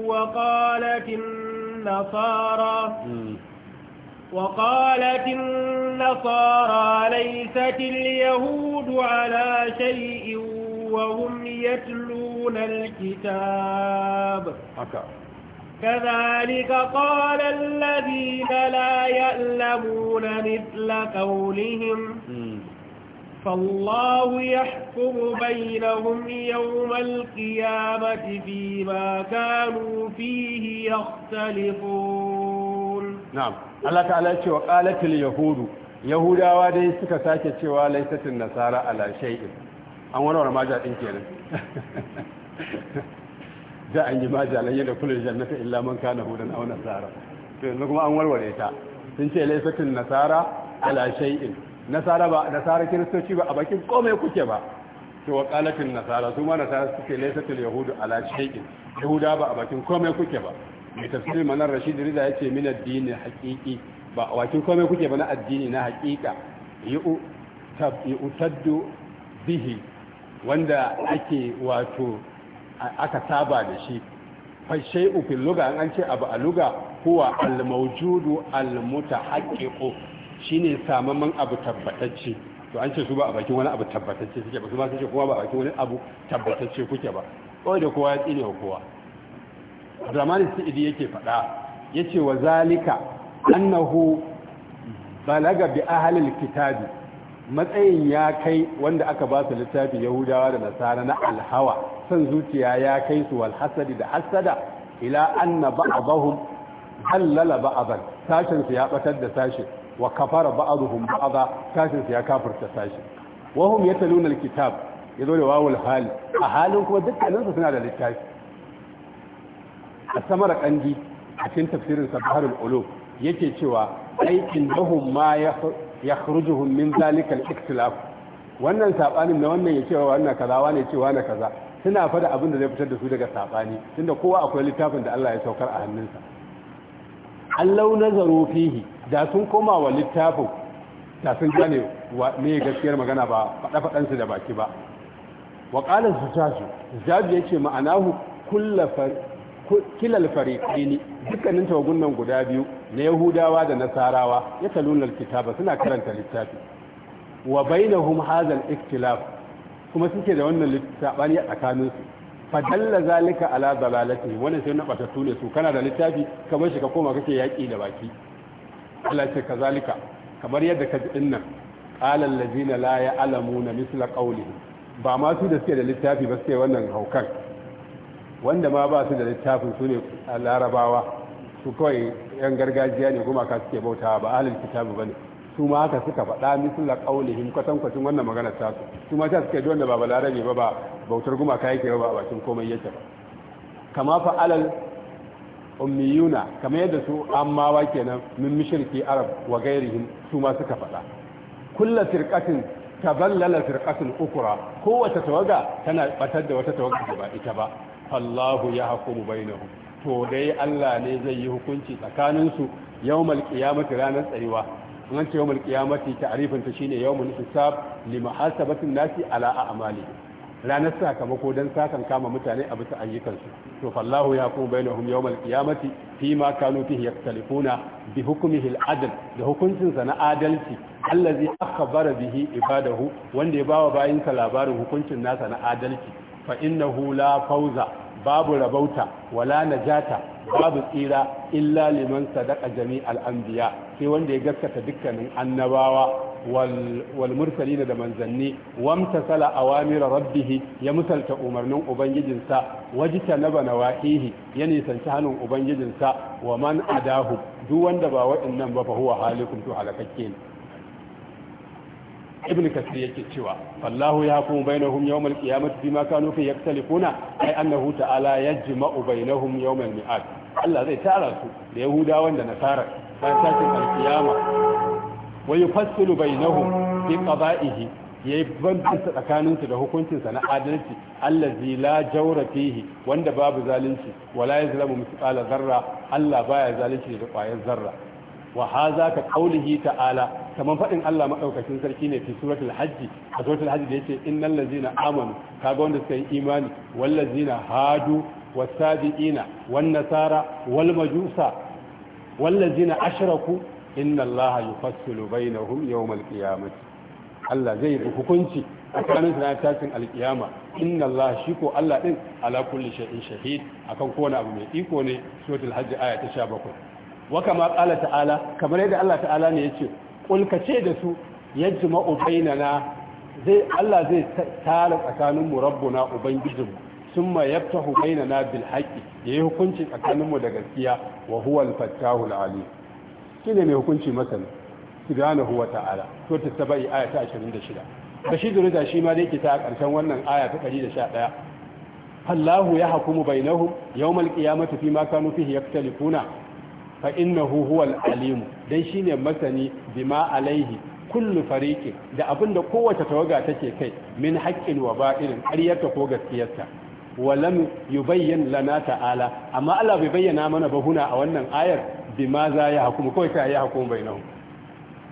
وقالت النصارى وقالت النصارى ليست اليهود على شيء وهم يتلون الكتاب أكبر. كذلك قال الذين لا يألمون مثل قولهم فالله يحكم بينهم يوم القيامة فيما كانوا فيه يختلفون نعم الله تعالى وقالت اليهود يهودا ودي suka sake cewa laisatin nasara ala shay'in an wani wani maja din kenan za a yi majalan yadda kullu jannata illa man kana hudan au nasara to yanzu kuma an warware ta sun ce laisatin nasara ala shay'in nasara ba nasara kiristoci ba a bakin komai kuke ba to wa qalatin nasara su ma nasara suke laisatul yahudu ala shay'in yahuda ba a bakin komai kuke ba mai tafsir manar rashid rida yace min addini din haqiqi ba a bakin komai kuke ba na addini na haqiqa yu tabdu bihi wanda ake wato aka saba da shi fashe ufin luga an ce abu a luga kuwa almaujudu almuta haƙiƙo shi ne samaman abu tabbatacce to an ce su ba a bakin wani abu tabbatacce suke ba su masu ce kuma ba a bakin wani abu tabbatacce kuke ba kawai da kowa ya tsine wa kowa abdulrahman sa'idi yake faɗa ya ce wa zalika annahu balaga bi ahalil kitabi matsayin ya kai wanda aka ba su littafi yahudawa da nasara na alhawa son zuciya ya kai su wal hasadi da hasada ila anna ba'dahum hallala ba'dan sashin su ya batar da sashi wa kafara ba'dhum ba'da sashin su ya kafirta sashi wa hum yataluna alkitab yazo da wawul hal a halin kuma dukkanin su suna da littafi asamar kandi a cikin tafsirin sabaharul ulum yake cewa aikin dahum ma yakhrujuhum min zalikal ikhtilaf wannan sabanin na wannan ya cewa wannan kaza wane cewa na kaza suna fada abin da zai fitar da su daga sabani tunda kowa akwai littafin da Allah ya saukar a hannunsa Allah nazaru fihi da sun koma wa littafin da sun gane me gaskiyar magana ba fada fadan su da baki ba wa qala zujaju zabi yace ma'anahu kullafar al fariqaini dukkanin tawagun nan guda biyu na yahudawa da nasarawa ya taluna kitaba suna karanta littafi wa bainahum hadha al-ikhtilaf kuma suke da wannan sabani a tsakanin su fadalla zalika ala dalalati wannan sai na bata ne su kana da littafi kamar shi ka koma kake yaki da baki Allah ce kazalika kamar yadda ka ji dinnan qala ladina la ya'lamuna misla qawlihi ba ma su da suke da littafi ba suke wannan haukan wanda ma ba su da littafin su ne larabawa su kawai yan gargajiya ne kuma ka suke bautawa ba ahlul kitabi bane su ma haka suka faɗa misalla qaulihim kwatan kwatin wannan magana ta su su ma ta suka ji wanda ba ne ba ba bautar gumaka yake ba ba bakin komai yake ba kama fa alal ummiyuna yadda su ke kenan min mishirki arab wa gairihin su ma suka faɗa kullu ta zallala firqatin ukura, kowace tawaga tana batar da wata tawaga ba ita ba Allahu ya hukumu bainahum to dai Allah ne zai yi hukunci tsakaninsu yawmal qiyamati ranar tsayuwa an ce yawmul qiyamati ta'rifin shi shine yawmul hisab li muhasabati nasi ala a'mali ranar sakamako don sakan kama mutane a bisa ayyukansu to fallahu ya kuma bainahum yawmul qiyamati fi ma kanu fihi yaktalifuna bi da hukuncin sa na adalci allazi akhbara bihi ibadahu wanda ya bawa sa labarin hukuncin nasa na adalci fa innahu la fawza babu rabauta wala najata babu tsira illa liman sadaqa jami'al anbiya sai wanda ya gaskata dukkanin annabawa wal mursalina da manzanni wamtasala awamira rabbihi, ya musalta umarnin ubangijinsa wajita naba wakihi, ya nisanci hannun ubangijinsa wa man adahu duk wanda ba waɗannan ba fa huwa to halakakke ne ibn kasir yake cewa fallahu ya kuma bainahum yawmal qiyamati bima kanu fi yaktalifuna ay annahu ta'ala yajma'u bainahum yawmal mi'ad Allah zai tara su da yahudawan da nasara bayan tashin alkiyama wa bai nahu fi qada'ihi yayi bambanta tsakaninsa da hukuncinsa na adalci allazi la jawra fihi wanda babu zalunci wala yazlamu mithqala zarra Allah baya zalunci da kwayar zarra wa hadha ka qawlihi ta'ala kaman fadin Allah madaukakin sarki ne fi suratul hajj a suratul hajj da yace innal ladzina amanu kaga wanda suka yi imani wal ladzina hadu wasabiina wan nasara wal majusa wallazina ashraku inna allaha yufassilu bainahum yawmal qiyamati Allah zai yi hukunci a tsakanin su ranar alkiyama inna Allah shi ko Allah din ala kulli shay'in shahid akan kowane abu mai iko ne suratul hajj aya ta 17 wa kama qala ta'ala kamar yadda Allah ta'ala ne yace kul kace da su yajma'u bainana zai Allah zai tara tsakanin mu rabbuna ubangijinmu thumma hukaina na bil ya yi hukunci tsakanin mu da gaskiya wa huwa alfattahu al'ali shi ne mai hukunci masani subhanahu huwa ta'ala to ta tabai aya ta 26 bashir da shi ma dai kita a ƙarshen wannan aya ta ɗaya. Allahu ya bai Yau hukumu bainahum yawmal qiyamati fima ya fita yaktalifuna fa huhuwal Alimu. Don shi ne masani ma alaihi kullu fariqi da abinda kowace tawaga take kai min haƙƙin wa batilin ƙaryarta ko gaskiyarta walam yubayyan lana ta'ala amma Allah bai bayyana mana ba huna a wannan ayar Bimaza za ya hukumu kawai ta ya hukumu bainahu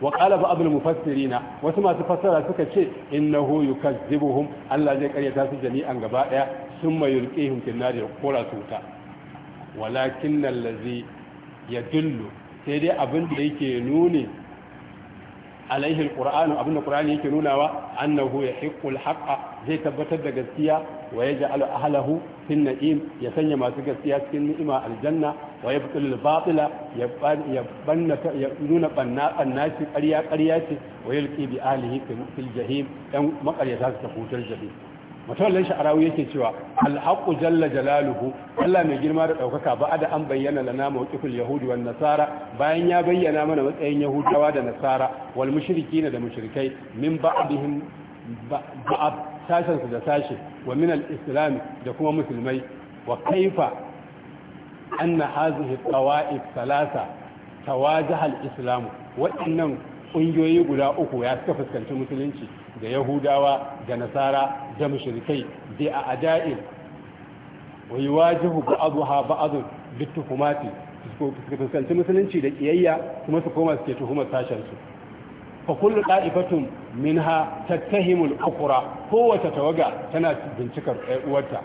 wa qala ba abul mufassirina wasu masu fassara suka ce innahu yukazzibuhum Allah zai karyata su jami'an gaba daya summa yulqihum fil nar ya kora walakin allazi yadullu sai dai abin da yake nuni alaihi alquran abin da qur'ani yake nunawa annahu yahiqqul haqqa zai tabbatar da gaskiya wa ya ja'alu ahlahu fin na'im ya sanya masu gaskiya cikin ni'ima aljanna wa yabtul batila ya banna ya nuna banna shi ƙarya ƙarya ce wa yulqi bi ahlihi fil jahim dan makaryata su tafutar jahim matawallin sha'arawi yake cewa alhaƙu jalla jalaluhu Allah mai girma da ɗaukaka, ba da an bayyana lana mawqifil yahudi wan nasara bayan ya bayyana mana matsayin yahudawa da nasara wal mushrikiina da mushrikai min ba'dihim ba a sashensu da sashe wa minal islami da kuma musulmai wa kaifa anna hazihi tawa'if salasa tawajahal islamu waɗannan ƙungiyoyi guda uku ya suka fuskanci musulunci da yahudawa da nasara da mushirikai. da a ada'il wa yuwajihu ba'dhuha ba'd bituhumati su fuskanci musulunci da ƙiyayya kuma su koma suke tuhumar sashensu fa kullu da'ifatun minha tattahimul ukhra kowace tawaga tana bincikar uwarta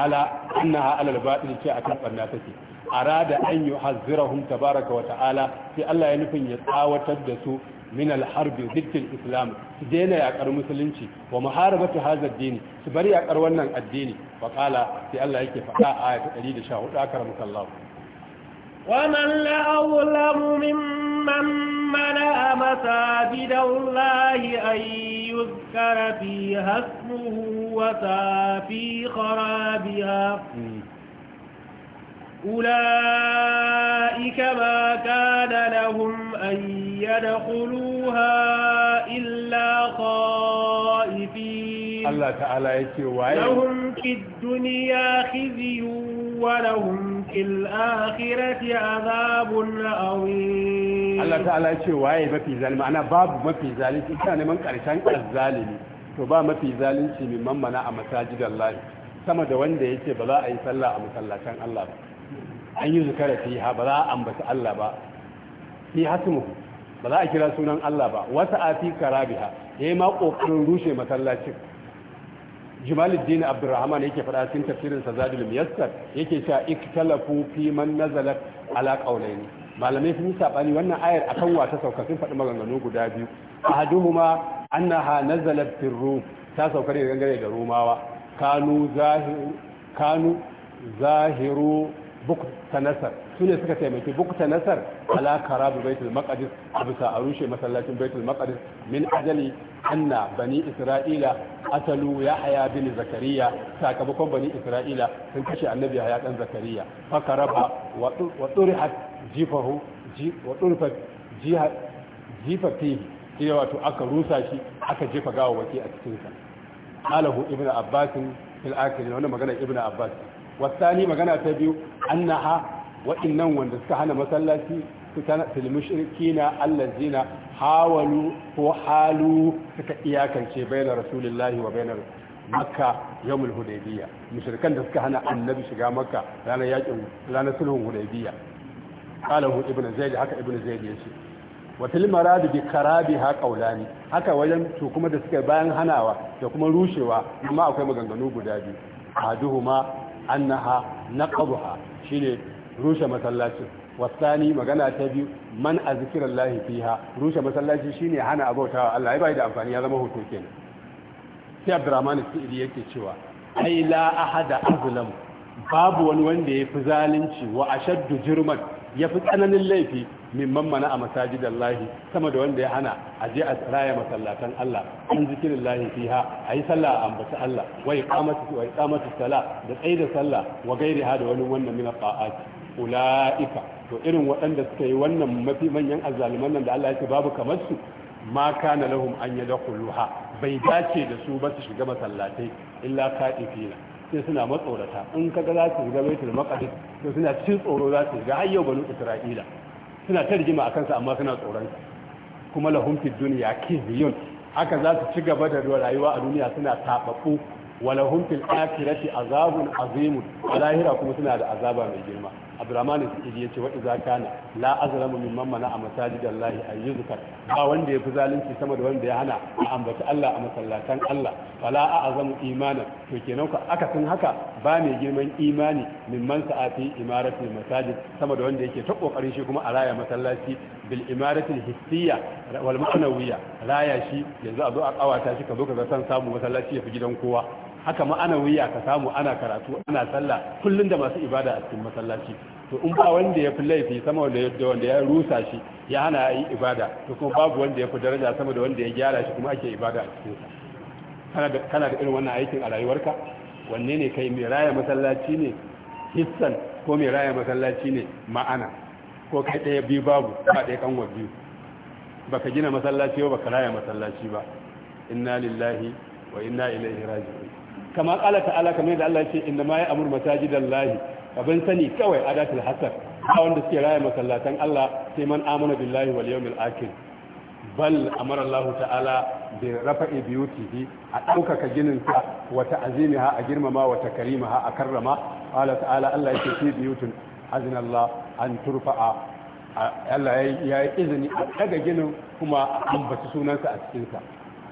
ala annaha alal batil ce akan barna take arada an yuhazzirahum tabaraka wa ta'ala sai Allah ya nufin ya tsawatar da su min al-harbi dittin islam su daina yakar musulunci wa muharabatu hadha ad-din su bari yaƙar wannan addini wa qala sai Allah yake faɗa a ayat 114 a wa man la awlamu mimman مساجد الله أن يذكر فيها اسمه وسعى في خرابها أولئك ما كان لهم أن يدخلوها إلا خائفين الله تعالى لهم في الدنيا خزي ولهم وفي الآخرة عذاب عظيم الله تعالى يقول واي ما في ظالم أنا باب ما في ظالم كان من قرشان الظالم to ba mafi zalunci min mammana a masajidan lahi sama da wanda yake ba za a yi sallah a masallacin Allah ba an yi zikara fi ha ba za a ambaci Allah ba fi hasmu ba za a kira sunan Allah ba wata afi karabiha yayi ma kokarin rushe masallacin jimaluddin abdurrahman yake faɗa cikin tafsirin sa zadul miyassar yake cewa iktalafu fi man nazala ala qawlayn malamai sun sabani wannan ayar akan wata sauka sun faɗi maganganu guda biyu ahaduhuma annaha nazalat fi rum ta sauka ne gangare da rumawa kanu zahiru kanu zahiru bukta nasar su ne suka taimaki bukta nasar ala karabi baitul maqdis a bisa a rushe masallacin baitul maqdis min ajali anna bani isra'ila atalu yahya bin zakariya sakamakon bani isra'ila sun kashe annabi yahya dan zakariya fa karaba wa turihat jifahu wa turfat jiha jifa sai wato aka rusa shi aka jefa waki a cikin sa alahu ibnu abbasin fil akhirin wannan magana ibnu abbas wasani magana ta biyu annaha wa'annan wanda suka hana masallaci suka tilmushrikina allazina hawalu ko halu suka iyakance bayna rasulillahi wa bayna makka yawmul hudaybiyya mushrikan da suka hana annabi shiga makka ranar yakin ranar sulhun hudaybiyya qala hu ibnu zaid haka ibnu zaid yace wa fil marad bi karabiha qawlani haka wajen to kuma da suka bayan hanawa da kuma rushewa amma akwai maganganu guda biyu ahaduhuma annaha naqabuha shine rushe masallacin wasani magana ta biyu man a zikirar lahi fiha rushe masallaci shine hana abautawa Allah ya bai da amfani ya zama hoto kenan sai Abdurrahman Sidi yake cewa ai la ahada azlam babu wani wanda yafi zalunci wa ashaddu jurman yafi tsananin laifi min mana a masajidan lahi sama da wanda ya hana a je a raya masallatan Allah an zikirin lahi fiha a yi sallah a ambata Allah wai kamata sala da tsaye da sallah wa gairi ha da wani wannan mina fa'ati ula'ika to irin waɗanda suka yi wannan mafi manyan azzaluman nan da Allah ya ce babu kamar su ma kana lahum an yadkhuluha bai dace da su ba su shiga masallatai illa ka'ifina sai suna matsorata in kaga za su shiga baitul maqdis to suna cin tsoro za su shiga har yau banu isra'ila suna ta rigima a kansa amma suna tsoron kuma lahum duniya dunya khizyun haka za su ci gaba da rayuwa a duniya suna tababbu wa lahum fil akhirati azabun azim a lahira kuma suna da azaba mai girma abdurrahman al ya yace wa idza kana la azlamu mimman mana a masajidallahi an yuzkar ba wanda yafi zalunci sama da wanda ya hana a ambaci Allah a masallatan Allah wala a'zamu imanan to kenan ku aka tun haka ba mai girman imani mimman sa'ati imarati masajid sama da wanda yake ta kokarin shi kuma a raya masallaci bil imaratin hissiyya wal ma'nawiyya raya shi yanzu a zo a kawata shi ka zo ka ga san samu masallaci ya fi gidan kowa haka ma ana wuya ka samu ana karatu ana sallah kullun da masu ibada a cikin masallaci to in ba wanda ya fi laifi sama yadda wanda ya rusa shi ya hana yi ibada to kuma babu wanda ya fi daraja sama da wanda ya gyara shi kuma ake ibada a cikin sa kana da kana da irin wannan aikin a rayuwarka wanne ne kai mai raya masallaci ne hissan ko mai raya masallaci ne ma'ana ko kai ɗaya biyu babu ba ɗaya kanwa biyu baka gina masallaci ba baka raya masallaci ba inna lillahi wa inna ilaihi raji'un kama kala ta'ala kamar yadda Allah ce inda ma ya amur masajidallahi abin sani kawai adatul hasar, ba wanda suke raya masallatan Allah sai man amana billahi wal yawmil akhir bal amara Allah ta'ala bi rafa'i biyutihi a daukaka ginin sa wa ta'zimiha a girmama wa takrimaha a karrama qala ta'ala Allah yake fi biyutun azna Allah an turfa'a Allah ya yi izini a daga ginin kuma an ambaci sunansa a cikin sa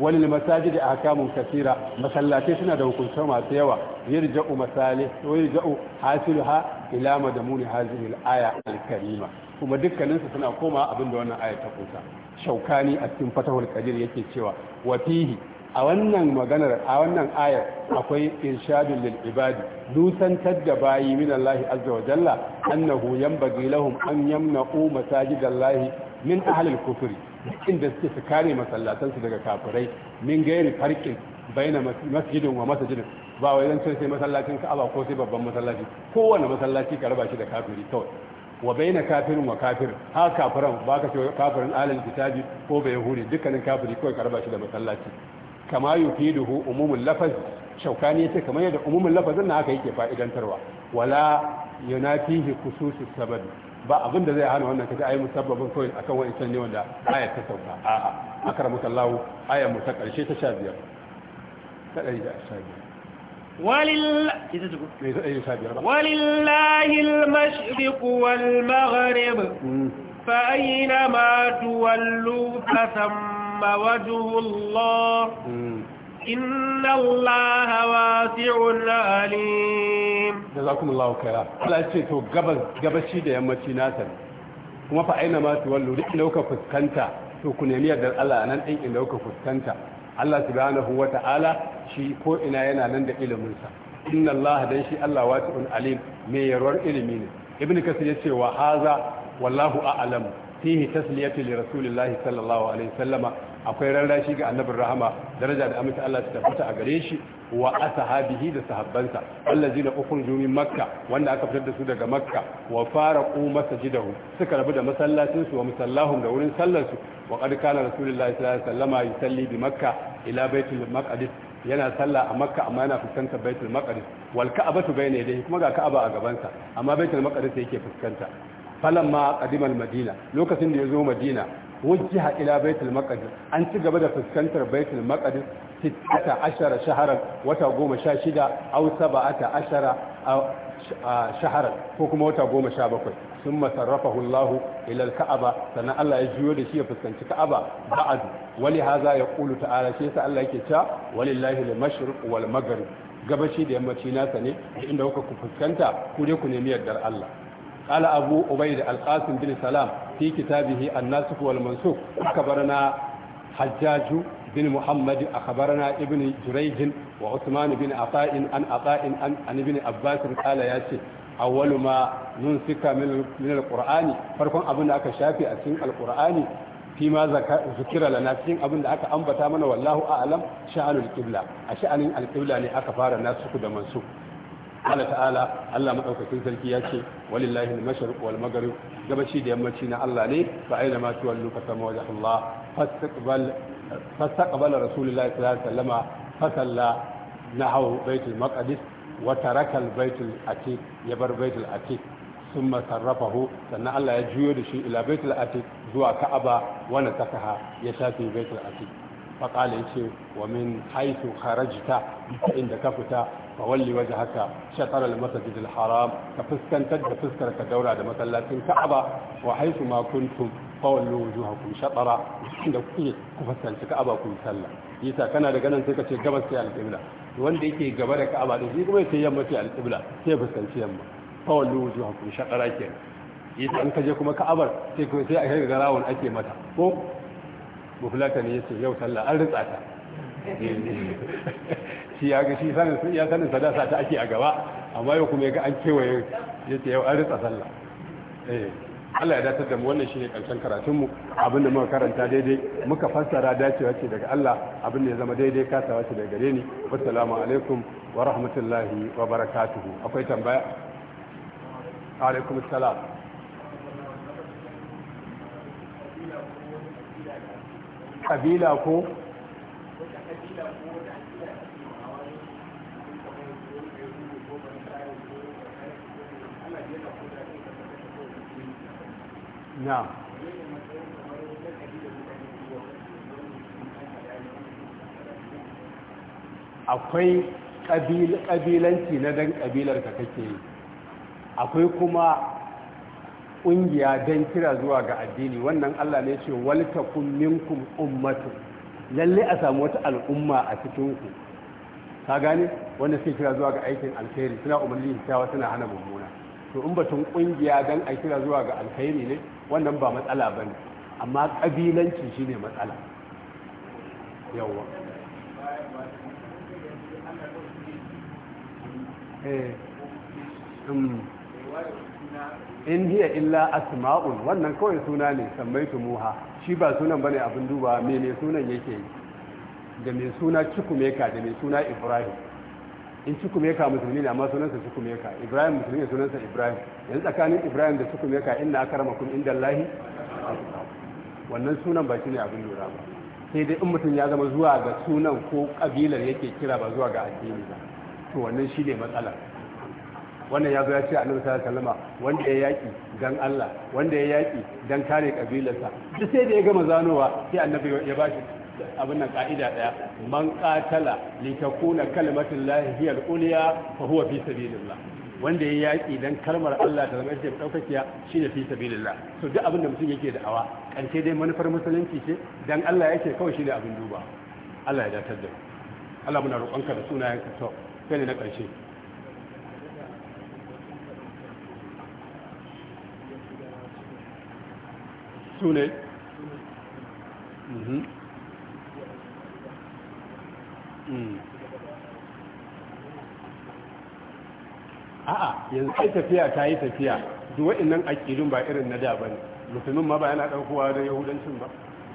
wani masajidi a kamun kasira masallatai suna da hukunce masu yawa yirja'u masali wa yirja'u da ila madamuni hadhihi al-aya al-karima kuma dukkaninsu suna koma abin da wannan aya ta kusa shaukani a cikin fatahul qadir yake cewa wa fihi a wannan maganar a wannan ayar akwai irshadun lil ibadi dusantar da bayi min Allah azza wa jalla annahu yanbaghi lahum an yamna'u masajidallahi min ahli al-kufri inda suke su kare masallatansu daga kafirai min gairi farkin baina masjidin wa masjidin ba wai zan sai masallacin ka'aba ko sai babban masallaci kowane masallaci ka raba shi da kafiri kawai wa baina kafirin wa kafir ha kafiran ba ka ce kafirin alal kitabi ko bai yahudi dukkanin kafiri kawai ka raba shi da masallaci kama yufiduhu umumul lafaz shaukani yace kamar yadda umumul lafazin na haka yake fa'idantarwa wala yunafihi khususus sababi ba abin da zai hana wannan kaga ayi musabbabin kawai akan wa'ancan ne wanda aya ta sauka a akramaka Allah aya mu ta karshe ta 15 ta 115 walil idan ku ولله المشرق والمغرب فأينما تولوا فثم وجه الله إن الله واسع عليم جزاكم الله خيرا Allah ya ce to gabashi da yammaci nasa kuma fa aina ma tuwallu duk inda kuka fuskanta to ku nemi yardar Allah nan in inda kuka fuskanta Allah wa ta'ala shi ko'ina yana nan da iliminsa. sa inna Allah dan shi Allah wasi'un alim me yarwar ilimi ne ibn kasir ya ce wahaza, wallahu a'lam fihi tasliyatu li rasulillahi sallallahu alaihi wasallama akwai rarrashi ga annabin rahama daraja da amince Allah ta tabbata a gare shi wa ashabihi da sahabbansa allazina ukhrijoo min makka wanda aka fitar da su daga makka wa faraqu masjidahu suka rabu da masallacin su wa musallahum da wurin sallar su wa qad kana rasulullahi sallallahu alaihi wasallama yusalli bi makka ila baitul maqdis yana sallah a makka amma yana fuskantar baitul maqdis wal ka'batu bayna yadayhi kuma ga ka'aba a gabansa amma baitul maqdis yake fuskanta falamma qadima al madina lokacin da ya zo madina wajjiha ila baitul maqdis an ci gaba da fuskantar baitul maqdis sittata ashara shaharan wata goma sha shida aw saba'ata ashara shaharan ko kuma wata goma sha bakwai sun masarrafahu Hullahu ila kaaba sannan Allah ya juyo da shi ya fuskanci Ka'aba ba'ad wali haza ya ƙulu ta'ala shi yasa Allah yake cewa walillahi al-mashriq wal maghrib gabashi da yammaci nasa ne inda kuka fuskanta ku dai ku nemi yardar Allah قال أبو عبيد القاسم بن سلام في كتابه الناسخ والمنسوخ أخبرنا حجاج بن محمد أخبرنا ابن جريج وعثمان بن عطاء عن عطاء عن ابن عباس قال يا شيخ awwalu ma nunsika min alqur'ani farkon abin da aka shafi a cikin alqur'ani fi ma zikira lana cikin abin da aka ambata mana wallahu a'lam sha'anul a sha'anin alqibla ne aka fara nasu da mansu Allah ta'ala Allah madaukakin sarki ya ce walillahi al-mashriq wal maghrib gabashi da yammaci na Allah ne fa aina ma tuwallu fa sama wajh Allah fastaqbal fastaqbala rasulullahi sallallahu alaihi wasallama fa salla baitul maqdis wa taraka al-baitul atiq ya bar baitul atiq thumma sarrafahu sannan Allah ya juyo da shi ila baitul atiq zuwa Ka'aba wa nasakaha ya shafi baitul atiq faƙala ya ce wa min haitu harajita inda ka fita fa walli waje haka shatar al-masajid al-haram ka fuskantar da fuskar ka daura da masallacin ka'aba wa haitu ma kuntum fa wallu wujuhakum shatara inda kuke ku fuskanci ka'aba ku sallah yasa kana da ganin sai ka ce gabas sai al-qibla wanda yake gaba da ka'aba din shi kuma sai yamma sai al-qibla sai fuskanci yamma fa wallu wujuhakum shatara kenan yasa an kaje kuma ka'abar sai sai a kai garawun ake mata ko bufulata ne ce yau sallah an ritsa ta shi ya ga shi sanin ya sanin sadasa ta ake a gaba amma yau kuma ya ga an kewaye ce yau an ritsa sallah eh, Allah ya datar da mu wannan shi ne karatun karatunmu abinda muka karanta daidai muka fassara dacewa ce daga Allah abinda ya zama daidai kasawa ce daga gare ni assalamu alaikum wa rahmatullahi wa barakatuhu akwai tambaya alaikum assalam kabila ko na akwai ƙabilanci na dan ƙabilar ka kake yi akwai kuma ƙungiya don kira zuwa ga addini wannan Allah ne ce walta kun minkum ummatu lalle a samu wata al'umma a cikinku ku ka wanda suke kira zuwa ga aikin alkhairi suna umarni kyawa suna hana mummuna to in batun ƙungiya don a kira zuwa ga alkhairi ne wannan ba matsala ba ne amma ƙabilanci shi ne matsala yawon. eh hmm. in hiya illa asma'un wannan kawai suna ne sammaitu muha shi ba sunan bane abin duba me ne sunan yake yi da mai suna cikumeka da mai suna ibrahim in cikumeka musulmi ne amma sunansa cikumeka ibrahim musulmi ne sunansa ibrahim yanzu tsakanin ibrahim da cikumeka inna akramakum indallahi wannan sunan ba shi ne abin lura ba sai dai in mutum ya zama zuwa ga sunan ko kabilar yake kira ba zuwa ga addini ba to wannan shi ne matsalar wannan ya zo ya ce annabi sallallahu alaihi wasallam wanda ya yaki dan Allah wanda ya yaki dan kare kabilarsa duk sai da ya gama zanowa sai annabi ya bashi abin nan ka'ida daya man qatala kalimatu llahi hiya al-ulya fa huwa fi sabilillah wanda ya yaki dan kalmar Allah ta zama ita daukakiya shine fi sabilillah so duk abin da mutum yake da awa kance dai manufar musulunci ce dan Allah yake kawai shine abin duba Allah ya datar da Allah muna roƙonka da ka to sai ne na ƙarshe su ne mhm. mm. a'a yanzu sai tafiya ta yi tafiya duwa'in nan aƙilun ba irin na da ba ne musulmin ma ba yana ɗaukowa da yahudancin ba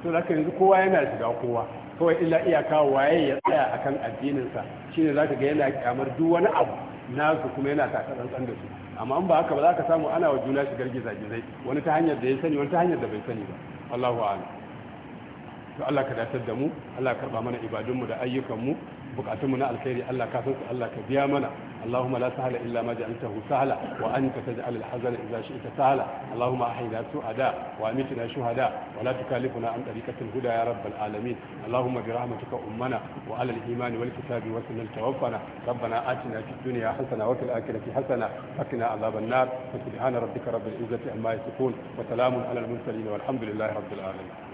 to da yanzu kowa yana shiga kowa kawai illa iyaka waye ya tsaya akan addininsa shine ka ga yana kyamar duk wani abu nasu kuma yana tsantsan da su amma an ba haka ba za ka samu ana wa juna shigar gizagizai wani ta hanyar da ya sani wani ta hanyar da bai sani ba Allahu a'lam to Allah ka datar da mu Allah ka karba mana ibadunmu da ayyukanmu bukatunmu na alkhairi Allah kafin su Allah ka biya mana Allahumma la sahla illa ma hu sahla wa anta taj'al al-hazan idha ita sahla Allahumma ahina su'ada wa amitna shuhada wa la tukallifna an tariqati al-huda ya rabbal alamin Allahumma bi rahmatika ummana wa ala al-iman wal kitab wa sunnah tawaffana rabbana atina fid dunya hasana wa fil akhirati hasana wa qina adhaban nar subhana rabbika rabbil izzati amma yasifun wa salamun ala al-mursalin walhamdulillahi rabbil alamin